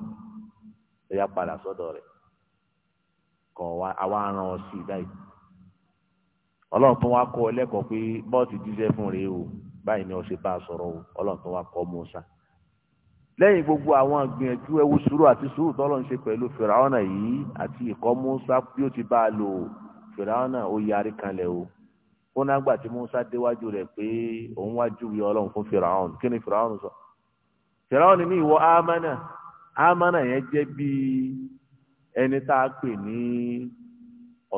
ó yá padà sọ́dọ̀ rẹ̀ kọ̀ àwa ran ọ sí ọlọ́run tó wá kọ́ lẹ́kọ̀ọ́ pé bọ́ọ̀tì fún rèé o báyìí ni ọ ṣe bá a o ọlọ́run tó Musa. lẹ́yìn gbogbo àwọn ìgbìyànjú ẹwu sùúrù àti sùúrù tọ́lọ̀ ń ṣe pẹ̀lú fìràwọ́nà yìí àti ìkọ́ Musa bí ó ti bá a lò fìràwọ́nà ó yarí kanlẹ̀ o ó náà gbà tí Musa déwájú rẹ̀ pé òun wájú wí ọlọ́run fún fìràwọ́n kí ni fìràwọ́n sọ fìràwọ́n ní ìwọ amánà amánà yẹn jẹ́ bí ẹni tá a pè ní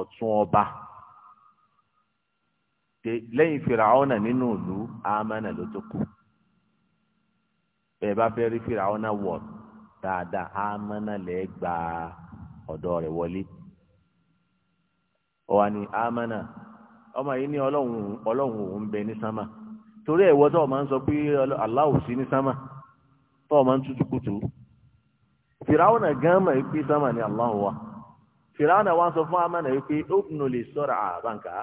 ọ̀tún ọba lẹ́yìn fìràwọ́nà nínú ìlú amánà ló tó kù. bẹ́ẹ̀ fẹ́ rí fìràwọn náà wọ̀ dáadáa amánà lè gba ọ̀dọ̀ rẹ̀ wọlé ọ̀wà ni amánà ọmọ yìí ní ọlọ́run ọlọ́run òun bẹ ní sámà torí ẹ̀wọ́ tó o máa ń sọ pé Allah sí ní sámà tó o máa ń kùtù náà gán mọ̀ pé sámà ni náà wá sọ fún pé ó nù lè sọ̀rọ̀ àbáǹkà.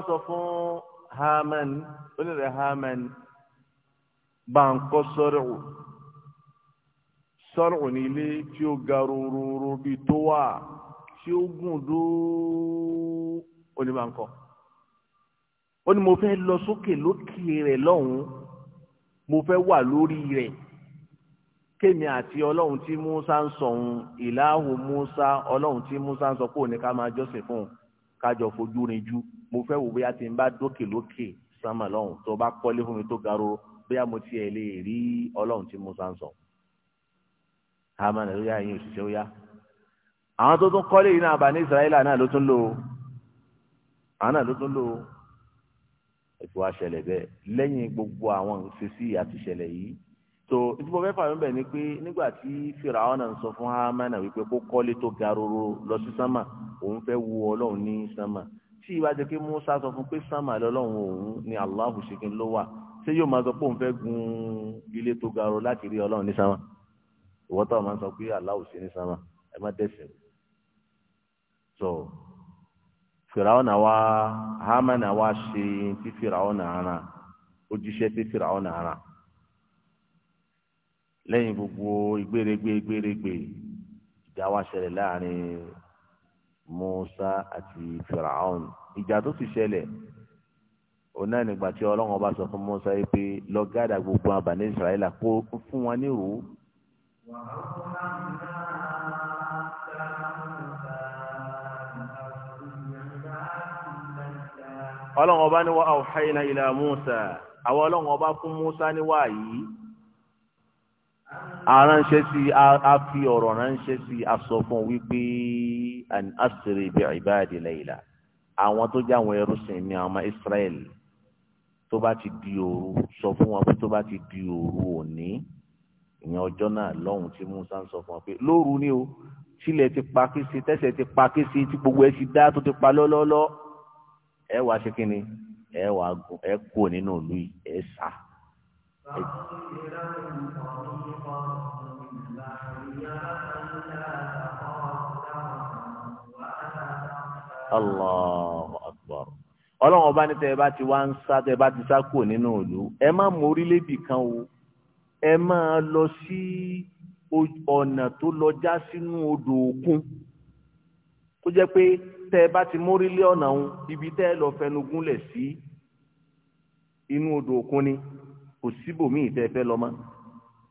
ń sọ fún Haman onírẹ̀ Haman bankọ sọ́rọ̀ sọ́rọ̀ ní ilé tí ó ga rororo bíi tó wà tí ó gùn dóó oníbankọ ó ní mo fẹ́ lọ sókè lókè rẹ̀ lọ́hùn mo fẹ́ wà lórí rẹ̀ kémi àti ọlọ́run tí Musa ń sọ̀hún ìlàhùn Musa ọlọ́run tí Musa ń sọ pé òní ká máa jọ́sìn fún un ká jọ fojú rinjú mo fẹ́ wò bóyá tí n bá dókè lókè sánmà lọ́hùn tó bá kọ́lé fún mi tó ga roro bóyá mo tiẹ̀ lè rí ọlọ́run tí mo sàn sọ. hamani ló yá ẹyin òṣìṣẹ́ ó yá. àwọn tó tún kọ́lé yìí náà bá ní israẹli náà ló tún lò ó àwọn náà ló tún lò ó. ètò àṣẹlẹ̀ bẹ́ẹ̀ lẹ́yìn gbogbo àwọn ìṣesí àtìṣẹlẹ̀ yìí tó ìdìbò fẹ́ fà mí bẹ̀ ni pé nígbà tí fìràwọ́n náà ń sọ fún hamani wípé kó kọ́lé tó ga lọ sí sánmà òun fẹ́ wo ọlọ́run ní sánmà tí ìwà jẹ́ pé Musa sọ fún pé sánmà lọ́lọ́run òun ni Allahu ṣèkín ló wà ṣé yóò máa sọ pé òun fẹ́ gun ilé tó ga ro láti rí ọlọ́run ní sánmà ìwọ máa sọ pé Allahu ṣe ní sánmà ẹ má dẹ̀sẹ̀ sọ Fìràwọ́nà wa Hámánà wa ṣe tí Fìràwọ́nà ara ojúṣe tí Fìràwọ́nà ara lẹ́yìn gbogbo ìgbèrègbè ìgbèrègbè ìjà láàrin musa àti firaun ìjà tó ti ṣẹlẹ̀ òun náà nígbà tí ọlọ́run ọba sọ fún musa yìí pé lọ gádà gbogbo àbáni israẹla kó fún wọn nírò. ọlọ́run ọba ní wa awhayna ila musa àwọn ọlọ́run ọba fún musa ní wáyé aránṣẹ́ sí a fi ọ̀rọ̀ ránṣẹ́ sí aṣọ fún wípé an asiri bi ibadi layla àwọn tó jẹ́ àwọn ẹrú sìn ní ọmọ Israel tó bá ti di òru sọ fún wọn pé tó bá ti di òru òní ìyẹn ọjọ́ náà lọ́hùn tí Musa ń sọ fún wọn pé lóru ni o sílẹ̀ ti pa kése tẹ́sẹ̀ ti pa kése tí gbogbo ẹ ti dá tó ti pa lọ́lọ́lọ́ ẹ wàá ṣe kí ni ẹ wàá gùn ẹ kó nínú ìlú yìí ẹ sá. Allahu akbar ọlọ́run ọba ní tẹ́ ẹ bá ti wá ń sá tẹ́ ẹ bá ti sá kúrò nínú ìlú ẹ má mọ orílẹ̀-èdè kan o ẹ máa lọ sí ọ̀nà tó lọ já sínú odò òkun kó jẹ́ pé tẹ́ ẹ bá ti mórílẹ̀ ọ̀nà òun ibi tẹ́ ẹ lọ fẹnu gúnlẹ̀ sí inú odò òkun ni kò síbòmí ìfẹ́fẹ́ lọ́mọ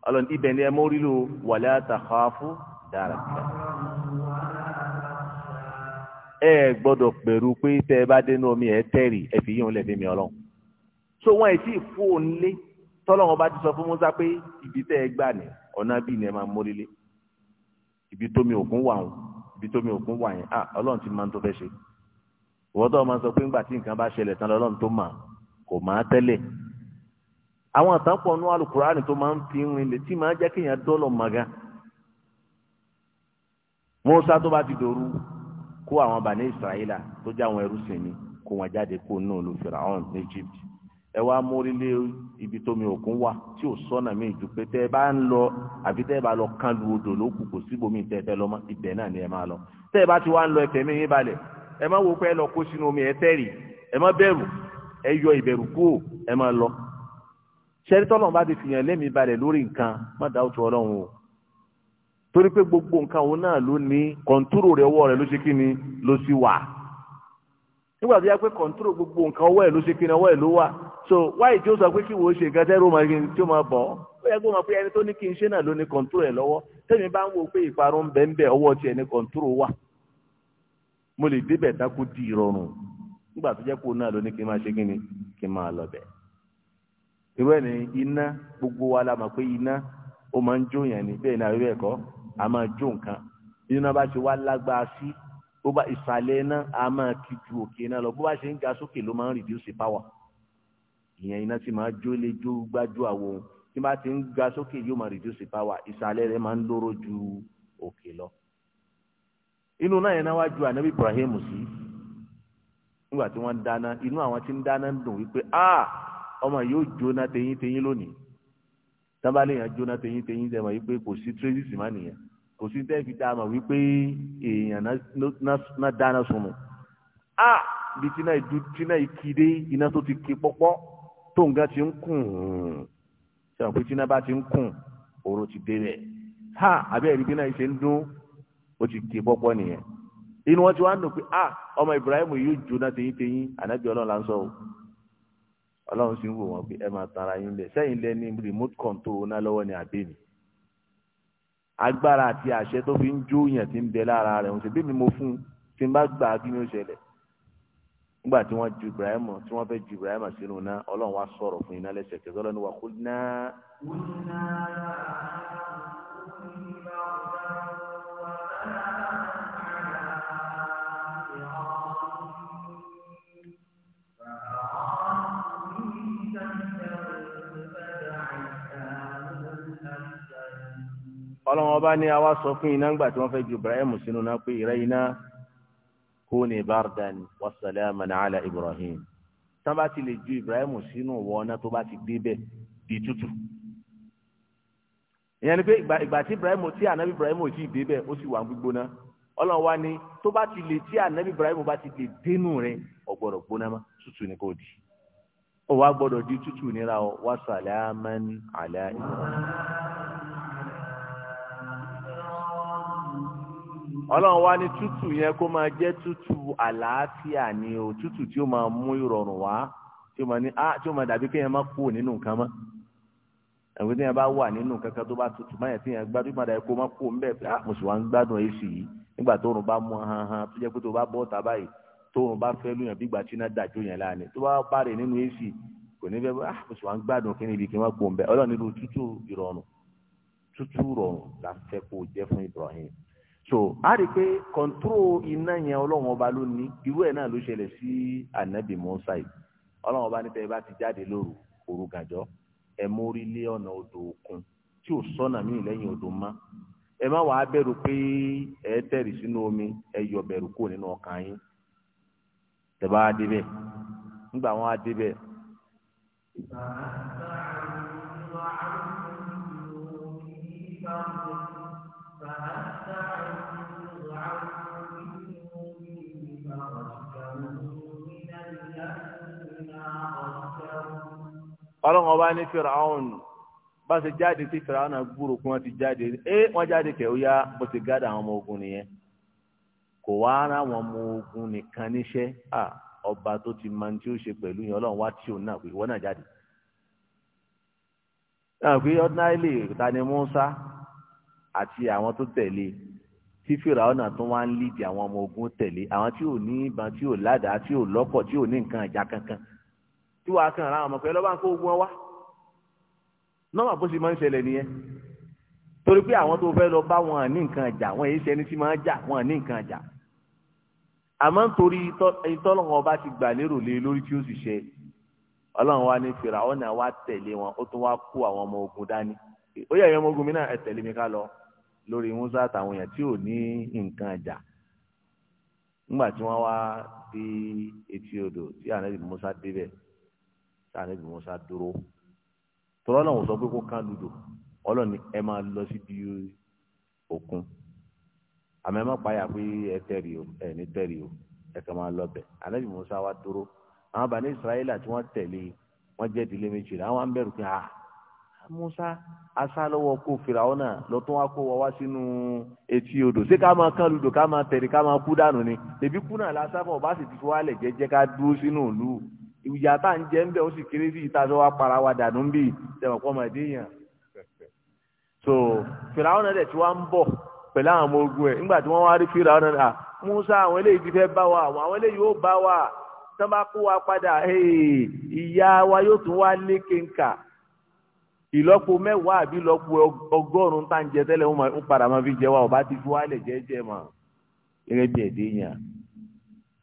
ọlọ́ni ibẹ̀ ni ẹ mọ́ rílo wàlẹ́ àtàkọ́fù dára kíkà. ẹ gbọ́dọ̀ pẹ̀rù pé tẹ́ ẹ bá dénú omi ẹ tẹ́rì ẹ fi yíyan lẹ́fẹ̀ẹ́ mi ọlọ́run. so wọn ẹ tí ì fún òun lé tọ́lọ́wọ́n bá ti sọ fún Musa pé ibi tẹ́ ẹ gbà ní ọ̀nà bíi ni ẹ máa mórí ibi tómi òkun wà wọn ibi tómi òkun wà yẹn ah ọlọ́run ti máa ń tó fẹ́ ṣe ìwọ́n tó máa sọ pé ńgbà tí nǹkan bá ṣẹlẹ̀ tán lọ́lọ́run tó mà kò máa tẹ́lẹ̀ àwọn àtàpọ̀ nú alukurani tó máa ń fi rin lè tí máa jẹ́ kéèyàn dọ́lọ̀ màgá Mùsá tó bá ti dòru kó àwọn bàní Israẹla tó já àwọn ẹrú sẹ́ni kó wọn jáde kó nù lù Firaun ní Egypt ẹ wá ibi tómi òkun wà tí ò sọ́nà mí ju tẹ́ ẹ bá ń lọ àbí tẹ́ ẹ bá lọ kán lu mọ́ ibẹ̀ náà ni ẹ máa lọ tẹ́ ẹ sẹ́rí tọ́lọ́run bá ti fìyàn lẹ́mìí balẹ̀ lórí nǹkan má dá òtún ọlọ́run o torí pé gbogbo nǹkan òun náà ló ní kọ̀ǹtúrò rẹ̀ ọwọ́ rẹ̀ ló ṣe kí ni ló sì wà nígbà tó yá pé kọ̀ǹtúrò gbogbo nǹkan ọwọ́ ẹ̀ ló ṣe kí ni ọwọ́ ẹ̀ ló wà so wáyé tí ó sọ pé kí wo ṣe tí ó máa bọ̀ ó yẹ kó máa pé ẹni tó ní kí n ṣe náà ló ní kọ̀ǹtúrò ẹ̀ lọ́wọ́ ní kọ̀ǹtúrò wà irú ẹ̀ iná gbogbo wa la mọ̀ pé iná ó máa ń jó yẹn ni bẹ́ẹ̀ ni àríwá ẹ̀kọ́ a máa jó nǹkan iná bá ti wá lágbára sí bó bá ìsàlẹ̀ iná a máa ti ju òkè iná lọ bó bá ṣe ń ga sókè ló máa ń reduce power ìyẹn iná ti máa jó lé jó gbájú àwọn ohun tí bá ti ń ga sókè yóò máa reduce power ìsàlẹ̀ rẹ̀ máa ń lóró ju òkè lọ. inú náà yẹn náà wá ju ànábì Ibrahim sí nígbà tí wọ́n dáná inú àwọn ń dáná dùn wípé ah, ọmọ yóò jóná tẹyin tẹyin lónìí tábàlẹ̀ yẹn jóná tẹyin tẹyin tẹ̀ mọ̀ wípé kò sí tracy má nìyẹn kò sí tẹ́ fi dáa mọ̀ wípé èèyàn náà dáná sunmù a bí tí náà ìdú tí náà ìkíde iná tó ti ké pọ́pọ́ tó nǹkan ti ń kùn sẹ́wọ̀n pé tí bá ti ń kùn òru ti dé ha àbẹ́ ẹ̀rí bí náà ṣe ń dún ó ti ké pọ́pọ́ nìyẹn inú wọn ti wá nù pé a ọmọ Ibrahim yóò jóná tẹyin tẹyin ànábì Ọlọ́run la ń sọ o ọlọ́run sì ń wò wọ́n pé ẹ máa tara yín lẹ̀ sẹ́yìn lẹ́ni remote control náà lọ́wọ́ ni àbẹ́mi agbára àti àṣẹ tó fi ń jó yàn ti ń bẹ lára rẹ̀ òun ṣe bí mi mo fún un tí n bá gbà á kí ni ó ṣẹlẹ̀ nígbà tí wọ́n ju Ibrahim tí wọ́n fẹ́ ju Ibrahim sínú náà ọlọ́run wá sọ̀rọ̀ fún iná lẹ́sẹ̀ kẹsàn-án lọ́nà wà kó náà. ọlọ́run ọba ní àwa sọ fún iná ńgbà tí wọ́n fẹ́ ju ibrahim sínú náà pé ìrẹ́ iná kuni bardan wa salaman ala ibrahim tán bá ti lè ju ibrahim sínú wọná tó bá ti débẹ̀ di tútù ìyẹn ni pé ìgbà ìgbà tí ibrahim tí ànábì ibrahim ò tí ì débẹ̀ ó sì wà gbígbóná ọlọ́run wá ní tó bá ti lè tí ànábì ibrahim bá ti lè dénú rẹ̀ ọ̀gbọ́dọ̀ gbóná má tútù ni kò di ó wá gbọ́dọ̀ di tútù nira ọ ala ibrahim. ọlọ́run wá ní tútù yẹn kó máa jẹ́ tútù àlàáfíà ni o tútù tí ó máa mú ìrọ̀rùn wá tí ó máa ní ah, tí ó máa dàbí kéèyàn má kú nínú nǹkan mọ́ ẹ̀wọ́n tí yẹn bá wà nínú nǹkan tó bá tutù má yẹn tí yẹn gbádùn má dàbí kó má kú ńbẹ́ pé ah, mo sì wá ń gbádùn yìí nígbà tó bá mú tó jẹ́ pé tó bá bọ́ ọ̀tá báyìí tó bá fẹ́ lóyún bígbà tí iná ah, n so a rí pé iná yẹn ọlọ́run ọba ló ní irú ẹ̀ náà ló ṣẹlẹ̀ sí yìí ti jáde lóru òru gàjọ́ ẹ mórí lé ọ̀nà odò òkun tí ò sọ́nà míì lẹ́yìn odò mọ́ ẹ má omi ẹ yọ bẹ̀rù kúrò nínú ọkàn yín tẹ̀bá á débẹ̀ nígbà wọn ọlọ́run ọba ní firaun bá ṣe jáde tí firaun náà gbúrò kí wọ́n ti jáde ẹ wọ́n jáde kẹ̀ ó yá bó ti gádà àwọn ọmọ ogun nìyẹn kò wá ara àwọn ọmọ ogun nìkan níṣẹ́ à ọba tó ti máa ń tí ó ṣe pẹ̀lú yẹn ọlọ́run wá tí òun náà pé ìwọ náà jáde. náà pé ordinarily ta ni Musa àti àwọn tó tẹ̀lé tí firaun náà tún wá ń lídìí àwọn ọmọ ogun tẹ̀lé àwọn tí ò ní ìbọn tí ò ládàá tí ò lọ́kọ̀ tí ò ní nǹkan ìjà kankan tí wàá kàn ara àwọn ọmọ pé lọ́ba ń kó ogun ọ wá nọ́mà bó ṣe máa ń ṣẹlẹ̀ nìyẹn torí pé àwọn tó fẹ́ lọ bá wọn ní nǹkan jà wọn èyí ṣẹni tí máa ń jà wọn ní nǹkan jà àmọ́ nítorí ìtọ́lọ́wọ́ ọba ti gbà lérò lé e lórí tí ó sì ṣe ọlọ́run wa ní fìrà ọ̀nà wa tẹ̀lé wọn ó tún wá kó àwọn ọmọ ogun dání ó yẹ ìyẹn ogun mi náà tẹ̀lé mi ká lọ lórí musa àtàwọn èèyàn tí ò ní nǹkan jà nígbà tí wọ́n wá sí etí odò tí ànábì musa débẹ̀ tá ànábì Mùsá dúró tọ́lọ́ náà wọ́n sọ pé kó kán lùdò ọlọ́ni ẹ máa lọ síbi òkun àmọ́ ẹ má payà pé ẹ tẹ̀rì o ẹ ní tẹ̀rì o ẹ kàn máa lọ bẹ̀ ànábì Mùsá wá dúró àwọn bàní Israẹli àti wọ́n tẹ̀lé wọ́n jẹ́ ìdílé méjì rẹ̀ àwọn àmbẹ̀rù pé ah Mùsá asálọ́wọ́ kó fìràwọ́ náà lọ́tún wá kó wọ́n sínú etí odò ṣé ká máa kán lùdò ká máa tẹ̀rì ká máa kú dànù ni tèbí kú náà lásán bọ̀ bá sì ti fi wálẹ̀ jẹ́jẹ́ ká dúró sínú òlù ìwìyà tá à ń jẹ ń bẹ ó sì kéré sí ìta tó wá para wa dànù ń bì tẹ̀wọ̀n pọ̀ yàn. so fìràwọn náà dẹ̀ tí wọ́n ń bọ̀ pẹ̀lú àwọn ọmọ ogun ẹ̀ nígbà tí wọ́n wá rí fìràwọn náà Musa àwọn eléyìí ti fẹ́ bá wa àwọn àwọn eléyìí ó bá wa tí wọ́n bá kó wa padà ìyá wa yóò tún wá lé kéńkà ìlọ́po mẹ́wàá àbí ìlọ́po ọgọ́rùn-ún tá à ń jẹ tẹ́lẹ̀ ń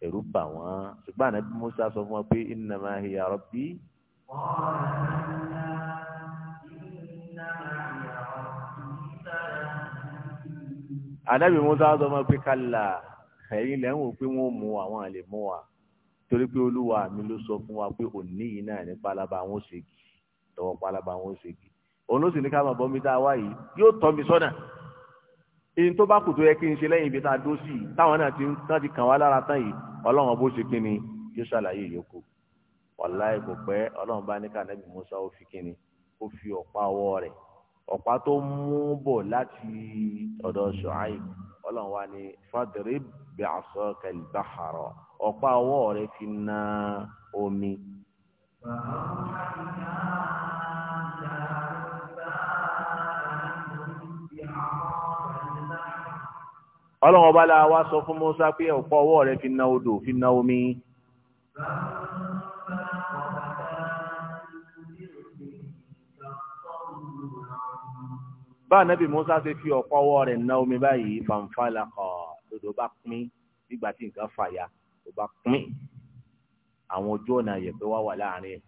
ẹ̀rù bà wọ́n ṣùgbọ́n ànábì Musa sọ fún wọn pé innama hiya rabbi. ànábì Musa sọ fún wọn pé kálá ẹ̀yin lẹ́ ń wò pé wọ́n mú àwọn àlè mú wa torí pé olúwa mi ló sọ fún wa pé òní yìí náà ní pálábá àwọn òṣègì tọwọ́ pálábá àwọn òṣègì òun ló sì ní ká máa bọ́ mi tá a yìí yóò tọ́ mi sọ́nà. So In tó bá kù tó yẹ kí n ṣe lẹ́yìn ibi tá a dó sí i táwọn náà ti ń tán ti kàn wá lára tán yìí ọlọ́run bó ṣe kí ni yóò ṣàlàyé ìyókù wàláì kò pẹ́ ọlọ́run bá ní kànáàbì Musa ó fi kí ni ó fi ọ̀pá ọwọ́ rẹ̀ ọ̀pá tó mú bọ̀ láti ọ̀dọ̀ Ṣuaib ọlọ́run wá ní fadrib bí aṣọ kẹlìbáhàrọ̀ ọ̀pá ọwọ́ rẹ̀ fi na omi. ọlọ́run ọba la wá sọ fún Musa pé ọ̀pọ̀ ọwọ́ rẹ fi na odò fi na omi. bá anabi Musa ṣe fi ọ̀pọ̀ ọwọ́ rẹ̀ na omi báyìí fanfàlà kọ̀ lodò bá pín nígbà tí nǹkan fàya ló bá pín àwọn ojú ọ̀nà àyẹ̀pẹ́ wá wà láàrin ẹ̀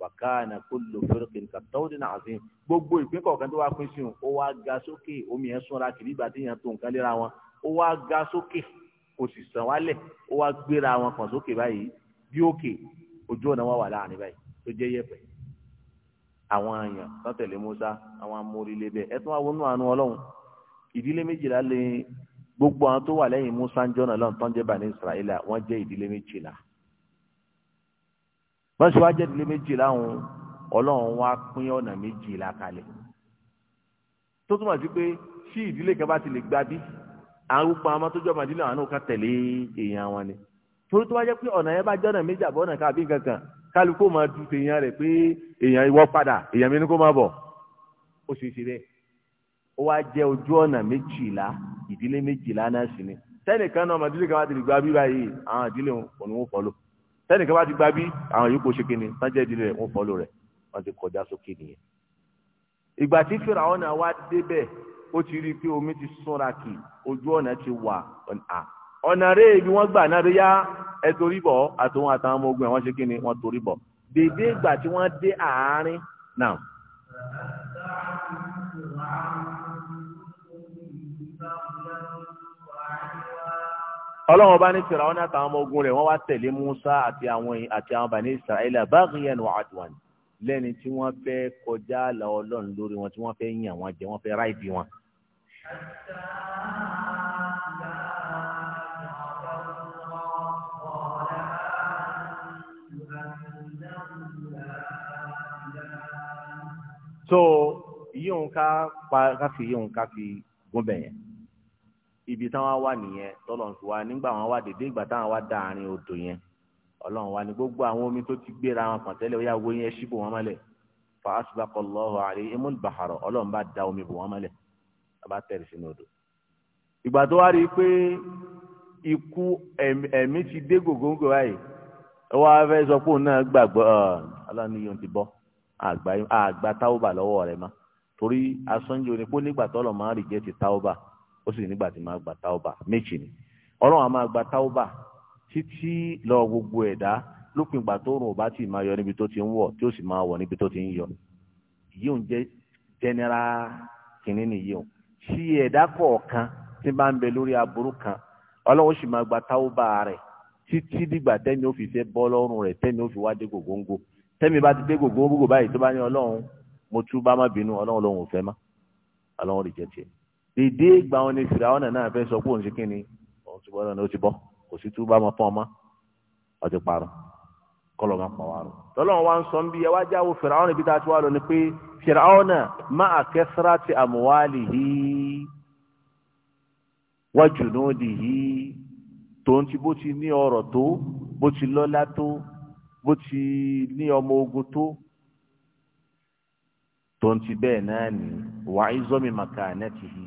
wàkàna kullu firqin kattawdin azim gbogbo ìpín kọ̀ọ̀kan tó wá pín sí un ó wá ga sókè omi ẹ̀ súnra kìlígbà tí yẹn tó nǹkan léra wọn ó wá ga sókè kò sì sàn wálẹ̀ ó wá gbéra wọn kàn sókè báyìí bí òkè ojú ọ̀nà wa wà láàrin báyìí tó jẹ́ yẹ̀pẹ̀ àwọn èèyàn tó tẹ̀lé Musa àwọn amórílé bẹ́ẹ̀ ẹ tún wá wọnú àánú Ọlọ́run ìdílé méjìlá lè gbogbo àwọn tó wà lẹ́yìn Musa ń jọ́nà lọ́n tán jẹ́ bani Israẹla wọ́n jẹ́ ìdílé méjìlá wọ́n sì wá jẹ́ ìdílé méjìlá òun Ọlọ́run wá pín ọ̀nà méjìlá kalẹ̀ tó túmọ̀ sí pé tí ìdílé kan bá ti lè gba arúgbó àwọn tó jọ màdínà àwọn náà ká tẹ̀lé èèyàn wọn ni torí tó bá jẹ́ pé ọ̀nà yẹn bá jọ́nà méjì àbọ̀ ọ̀nà káàbí kankan kálukó máa du tèèyàn rẹ̀ pé èèyàn ìwọ padà èèyàn mi ní kó máa bọ̀ ó ṣe é ṣe bẹ́ẹ̀ ó wá jẹ́ ojú ọ̀nà méjìlá ìdílé méjìlá náà sì ni tẹ́nìkan náà màdílé kan bá ti gba bí báyìí àwọn ìdílé òun ò fọ́lò tẹ́nìkan bá ti gba bí àwọn yòókù ṣe kíni sájẹ́ ìdílé rẹ̀ òun fọ́lò rẹ̀ wọ́n ti kọjá sókè nìyẹn ìgbà tí fìràwọn náà wá débẹ̀ ó ti rí i pé omi ti sọ́ra kì ojú ọ̀nà ti wà ọ̀nà ọ̀nà rẹ̀ ibi wọ́n gbà náà ríyá ẹ torí bọ̀ àtòun àtàwọn ọmọ ogun ẹ̀ wọ́n ṣe kí ni wọ́n torí bọ̀ dèdè ìgbà tí wọ́n dé àárín náà. ọlọ́run ọba ní Fìràwọ́n àtàwọn ọmọ ogun rẹ̀ wọ́n wá tẹ̀lé Musa àti àwọn àti àwọn Bani Israẹli báàgì yẹn wà lẹ́ni tí wọ́n fẹ́ kọjá àlà ọlọ́run lórí wọn tí wọ́n fẹ́ yàn wọ́n jẹ wọ́n fẹ́ ráìbì wọn. so iye òun ká pa ká fi iye òun ká fi gún bẹ̀ yẹn ibi táwọn wà nìyẹn tọ́lọ̀ ń fi wá nígbà wọn wá dédé ìgbà táwọn wá dáàrin odò yẹn ọlọ́run wa ni gbogbo àwọn omi tó ti gbéra wọn kàn tẹ́lẹ̀ ó yà wọ yẹn ṣíbò wọn mọ́lẹ̀ fa asibakọ lọ́hùn àrí imú bàhàrọ̀ ọlọ́run bá da omi bò wọn mọ́lẹ̀ bàbá tẹ̀lé sínú odò. ìgbà tó wá rí i pé ikú ẹ̀mí ti dé gògóńgò báyìí ó wá fẹ́ sọ pé òun náà gbàgbọ́ ọlọ́run ni yóò ti bọ́ àgbà táwọ́bà lọ́wọ́ rẹ̀ mọ́ torí asọ́njẹ́ onípò nígbà tọ́lọ̀ máa rìjẹ́ ti táwọ́bà ó sì títí lọ gbogbo ẹ̀dá lópin ìgbà tó rùn ò bá tì máa yọ níbi tó ti ń wọ̀ tí ó sì máa wọ̀ níbi tó ti ń yọ yìí ń jẹ́ general kìnní nìyí o tí ẹ̀dá kọ̀ọ̀kan tí bá ń bẹ lórí aburú kan ọlọ́wọ́ sì máa gba táwọ́bà rẹ̀ títí dìgbà tẹ́mi ó fi fẹ́ bọ́ lọ́rùn rẹ̀ tẹ́mi ó fi wá dé gògóńgò tẹ́mi bá ti dé gògóńgò báyìí tó bá ní ọlọ́run mo tú bá má bínú ọlọ́run lòun ò fẹ́ má ọlọ́run kò sí túbà mọ́ fún ọmọ ọtí parọ́ kọlọ máa pa wàrọ. tọ́lọ́wọ́n wa ń sọ bí ẹ wá jáwọ́ fìràwọn ibi tá a ti wá lọ ni pé fìràwọn máa kẹsàrà ti àmúwálì yìí wájú náà dì yìí tòun ti bó ti ní ọrọ̀ tó bó ti lọ́lá tó bó ti ní ọmọ ogun tó tòun ti bẹ́ẹ̀ náà ni wàá ìzọ́mi màkà náà ti yìí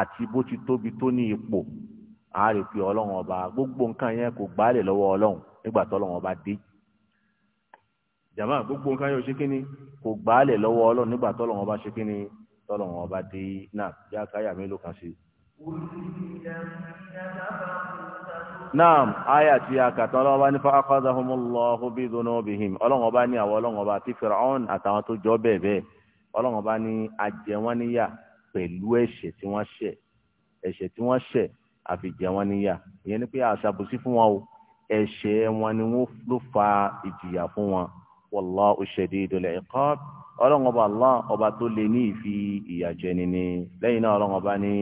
àti bó ti tóbi tó ní ipò a rí pé ọlọ́run ọba gbogbo nǹkan yẹn kò gbálẹ̀ lọ́wọ́ ọlọ́run nígbà tó ọlọ́run ọba dé jàmá gbogbo nǹkan yẹn ò ṣe kíni kò gbálẹ̀ lọ́wọ́ ọlọ́run nígbà tó ọlọ́run ọba ṣe kíni tó ọlọ́run ọba dé náà bí akáyà mélòó kan ṣe. naam aya ti akata ọlọ́run ọba ní fa akhadhahumullahu bi dhunubihim ọlọ́run ọba ní àwọn ọlọ́run ọba ti Fir'aun àtàwọn tó jọ bẹ́ẹ̀ bẹ́ẹ̀ ọlọ́run ọba ní ajẹ wọn níyà pẹ̀lú ẹ̀ṣẹ̀ tí wọ́n ṣẹ̀ ẹ̀ṣẹ̀ tí wọ́n ṣẹ̀ àfi jẹ wọ́n níyà ìyẹn ni pé àṣàbùsí fún wọn o ẹ̀ṣẹ̀ wọn ni wọ́n ló fa ìjìyà fún wọn wallahu shadidul iqab ọlọ́run ọba allah ọba tó lè ní ìfi ìyà jẹni ni lẹ́yìn náà ọlọ́run ọba ní.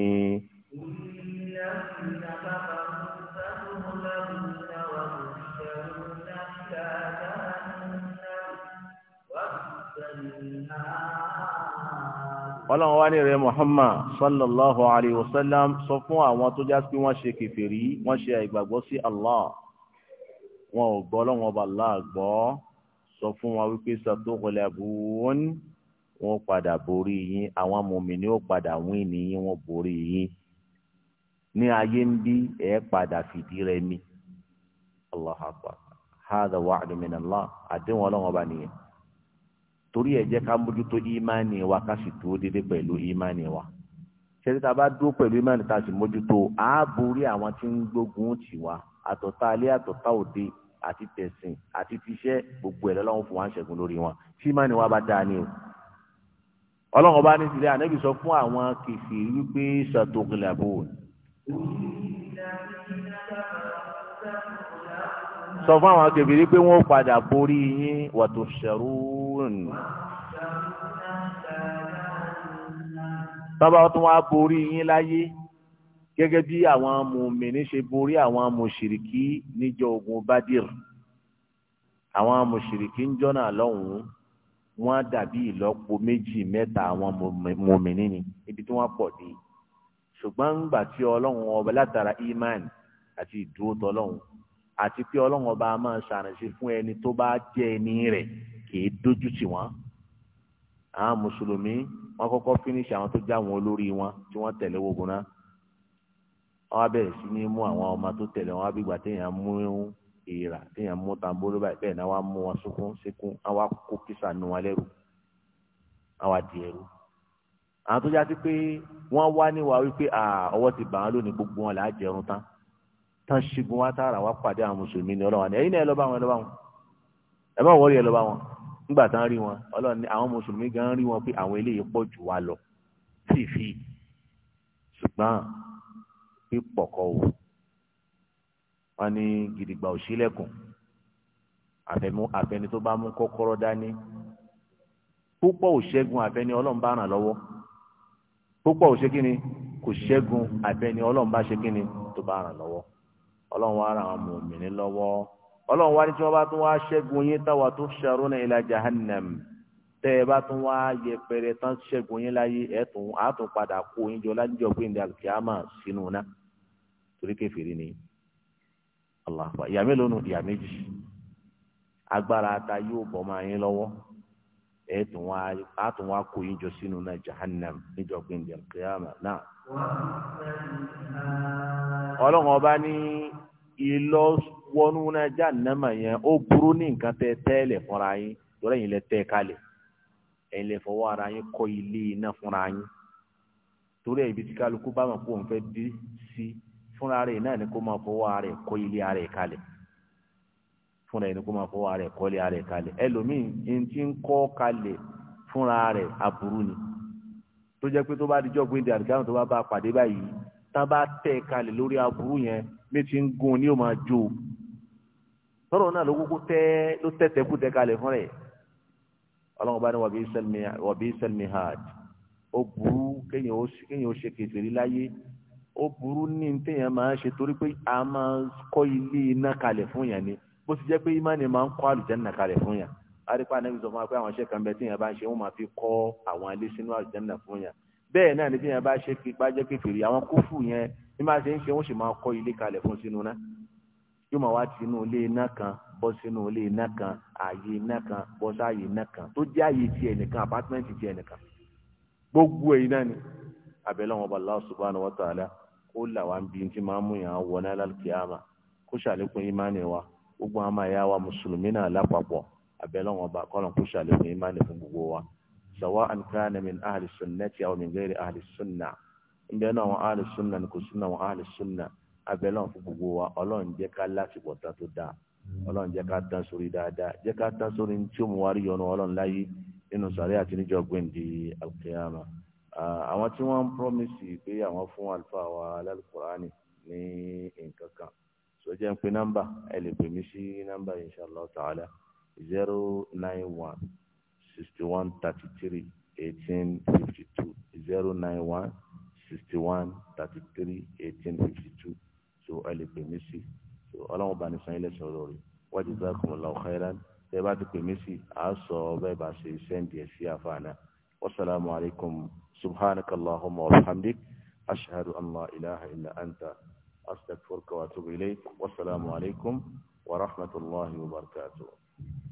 Ah ọlọ́run wá ní rẹ̀ Muhammad sallallahu alayhi wa sallam sọ fún àwọn tó já sí wọ́n ṣe kèfèrí wọ́n ṣe àìgbàgbọ́ sí Allah wọn ò gbọ́ ọlọ́run ọba Allah gbọ́ sọ fún wọn wípé satughlabun wọn padà borí yín àwọn mùmíní ó padà wín ní yín wọn borí yín ní ayé ń bí ẹ padà fìdí rẹmi Allah akbar hadha wa'du min Allah àdéhùn ọlọ́run ọba nìyẹn torí ẹ jẹ́ ká mójútó ìmánì wa ká sì dúró déédéé pẹ̀lú ìmánì wa ṣé tí a bá dúró pẹ̀lú ìmánì tá a sì mójútó a borí àwọn tí ń gbógun tì wá àtọ̀tá alẹ́ àtọ̀tá òde àti tẹ̀sìn àti tiṣẹ́ gbogbo ẹ̀ lọ́wọ́ fún wa ń ṣẹ́gun lórí wọn tí ìmánì wa bá dáa ni o ọlọ́run bá ní sílẹ̀ ànábì sọ fún àwọn kìsì wípé ṣàtòkìlà bò sọ fún àwọn kèfèrí pé wọ́n padà borí yín wàtò ṣẹ̀rún tọ́ba tún wá borí yín láyé gẹ́gẹ́ bí àwọn mùmíní ṣe borí àwọn mùṣìrìkí níjọ́ ogun Badir àwọn mùṣìrìkí ń jọ́nà lọ́hùn-ún wọ́n dàbí ìlọ́po méjì mẹ́ta àwọn mùmíní ni ibi tí wọ́n pọ̀ dé ṣùgbọ́n ńgbà tí ọlọ́run ọba látara imán àti ìdúró tọ́lọ́run àti pé ọlọ́run ọba máa ṣàrìnsí fún ẹni tó bá jẹ́ ẹni rẹ̀ kìí dójú tì wọ́n àwọn mùsùlùmí wọ́n kọ́kọ́ fínísì àwọn tó já wọn olórí wọn tí wọ́n tẹ̀lé wogun náà wọ́n á bẹ̀rẹ̀ sí ní mú àwọn ọmọ tó tẹ̀lé wọn bí ìgbà téèyàn mú ìrà téèyàn mú tambolo báyìí bẹ́ẹ̀ náà wọ́n mú wọn sunkún síkún àwọn akókó kísà nu wọn lẹ́rù àwọn àdìẹ̀rù àwọn tó já sí pé wọ́n wá níwà wípé ọwọ́ ti bà lónìí gbogbo wọn là jẹun tán tán ṣígun wá tààrà wá pàdé àwọn mùsùlùmí ni ọlọ́wà ni ẹ̀yin náà ẹ lọ bá wọn ẹ lọ bá wọn ẹ má wọrí ẹ lọ bá wọn nígbà tán rí wọn ọlọ́ni àwọn mùsùlùmí gan rí wọn pé àwọn eléyìí pọ̀ jù wá lọ fífi ṣùgbọ́n pípọ̀ kọ wò wọn ní gidigba òṣìlẹ̀kùn àfẹni tó bá mú kọ́kọ́rọ́ dání púpọ̀ òṣẹ́gun àfẹni ọlọ́run bá ràn lọ́wọ́ ọlọ́run wá ra àwọn mòmìnì lọ́wọ́ ọlọ́run wá ní tí wọ́n bá tún wá ṣẹ́gun yín táwa tó ṣàrò náà ìlà jahannam tẹ́ ẹ bá tún wá yẹpẹrẹ tán ṣẹ́gun yín láyé ẹ̀tún àtún padà kó yín jọ lájọ pé ní alkiyama sínú náà torí kèfèrí ni Allah ìyá mélòó nù ìyá méjì agbára ta yóò bọ́ máa yín lọ́wọ́ ẹ̀tún wá àtún wá kó yín jọ sínú náà jahannam níjọ pé ní alkiyama náà. ọlọ́run ọba ní ìlọ wọnú náà jàǹdàmà yẹn ó burú ní nǹkan tẹ tẹ́lẹ̀ fúnra yín lọ́rọ̀ yìí lẹ tẹ́ kalẹ̀ ẹ̀yin lẹ fọwọ́ ara yín kọ́ ilé iná fúnra yín torí ibi kálukú bá òun fẹ́ sí ni kó máa fọwọ́ ara ẹ̀ kọ́ ilé ara kalẹ̀ fúnra ni kó máa fọwọ́ ara ara kalẹ̀ ẹlòmíì ti ń kọ́ kalẹ̀ fúnra rẹ̀ aburú ni. tó jẹ́ pé tó bá dijọ́ gbé di àdìgáhùn tó bá bá pàdé báyìí tá bá tẹ̀ kalẹ̀ lórí aburú yẹn bí ti ń gun ni yóò máa jó tọ́rọ̀ náà ló kúkú tẹ́ ló tẹ̀tẹ̀ kú tẹ̀ kalẹ̀ fún rẹ̀ ọlọ́run bá ní wàbí sẹ́lmi hard ó burú kéèyàn ó ṣe kèfèrí láyé ó burú ní téèyàn máa ń ṣe torí pé a máa kọ́ ilé iná kalẹ̀ fún yàn ni bó ti jẹ́ pé imáni máa ń kọ́ àlùjánnà kalẹ̀ fún yàn arípa anabi sọ fún wa pé àwọn iṣẹ́ kan bẹ tí yẹn bá ń ṣe wọ́n máa fi kọ́ àwọn ilé sínú àlùjánnà fún yẹn bẹ́ẹ̀ náà ni bí yẹn bá ṣe bá jẹ́ kékeré àwọn kófù yẹn bí máa ṣe ń ṣe wọ́n sì máa kọ́ ilé kalẹ̀ fún sínú náà yóò máa wá tinú ilé iná kan bọ́ sínú ilé iná kan ààyè iná kan bọ́ sáàyè iná kan tó jẹ́ ààyè tiẹ̀ nìkan apátímẹ́ǹtì tiẹ̀ nìkan gbogbo èyí náà ni abẹ́lẹ́ wọn bá Allah subhanahu wa ta'ala kó là wá ń bí tí máa mú yàn wọ náà lálùkìyàmà kó ṣàlékún ìmánì wa gbogbo àwọn àmà ẹ̀yà wa mùsùlùmí náà lápapọ̀ abẹ́lẹ́ wọn bá kọ́lọ̀ kó ṣàlékún ìmánì fún gbogbo wa sọ̀wọ́ àǹkáàní min ahli sunnati aw min ghairi ahli sunna ń bẹ́ẹ̀ náà wọn ahli sunna ni kò sunna wọn ahli sunna abẹ́lẹ́ wọn fún gbogbo wa ọlọ́run jẹ́ ká lásìkò tán tó dáa ọlọ́run jẹ́ ká tán sórí dáadáa jẹ́ ká tán sórí tí ó mú wárí yọnu ọlọ́run láyé nínú sàrẹ́ àti níjọ́ gbẹ̀ǹdì alkiyama àwọn tí wọ́n ń promise pé àwọn fún alfa wa alákùránì ní nǹkan kan sọ jẹ́ ń nọ́mbà ẹ lè pè mí sí nọ́mbà inshallah ta'ala 0244 zero nine one sixty one thirty three eighteen fifty two zero nine one sixty one thirty three eighteen fifty two so ẹ lè pè mí sí so ọlọ́run bá ní san ilé sọ̀rọ̀ rẹ̀ wọ́n ti gbá kùmọ̀lá khairan tẹ bá ti pè mí sí à á sọ bẹ́ẹ̀ bá ṣe sẹ́ǹdì ẹ̀ sí àfààná wasalaamu subhanaka allahumma wa bihamdik ashhadu an la ilaha illa anta astaghfiruka wa atubu ilayk wasalaamu wa rahmatulahi wa barakatuh.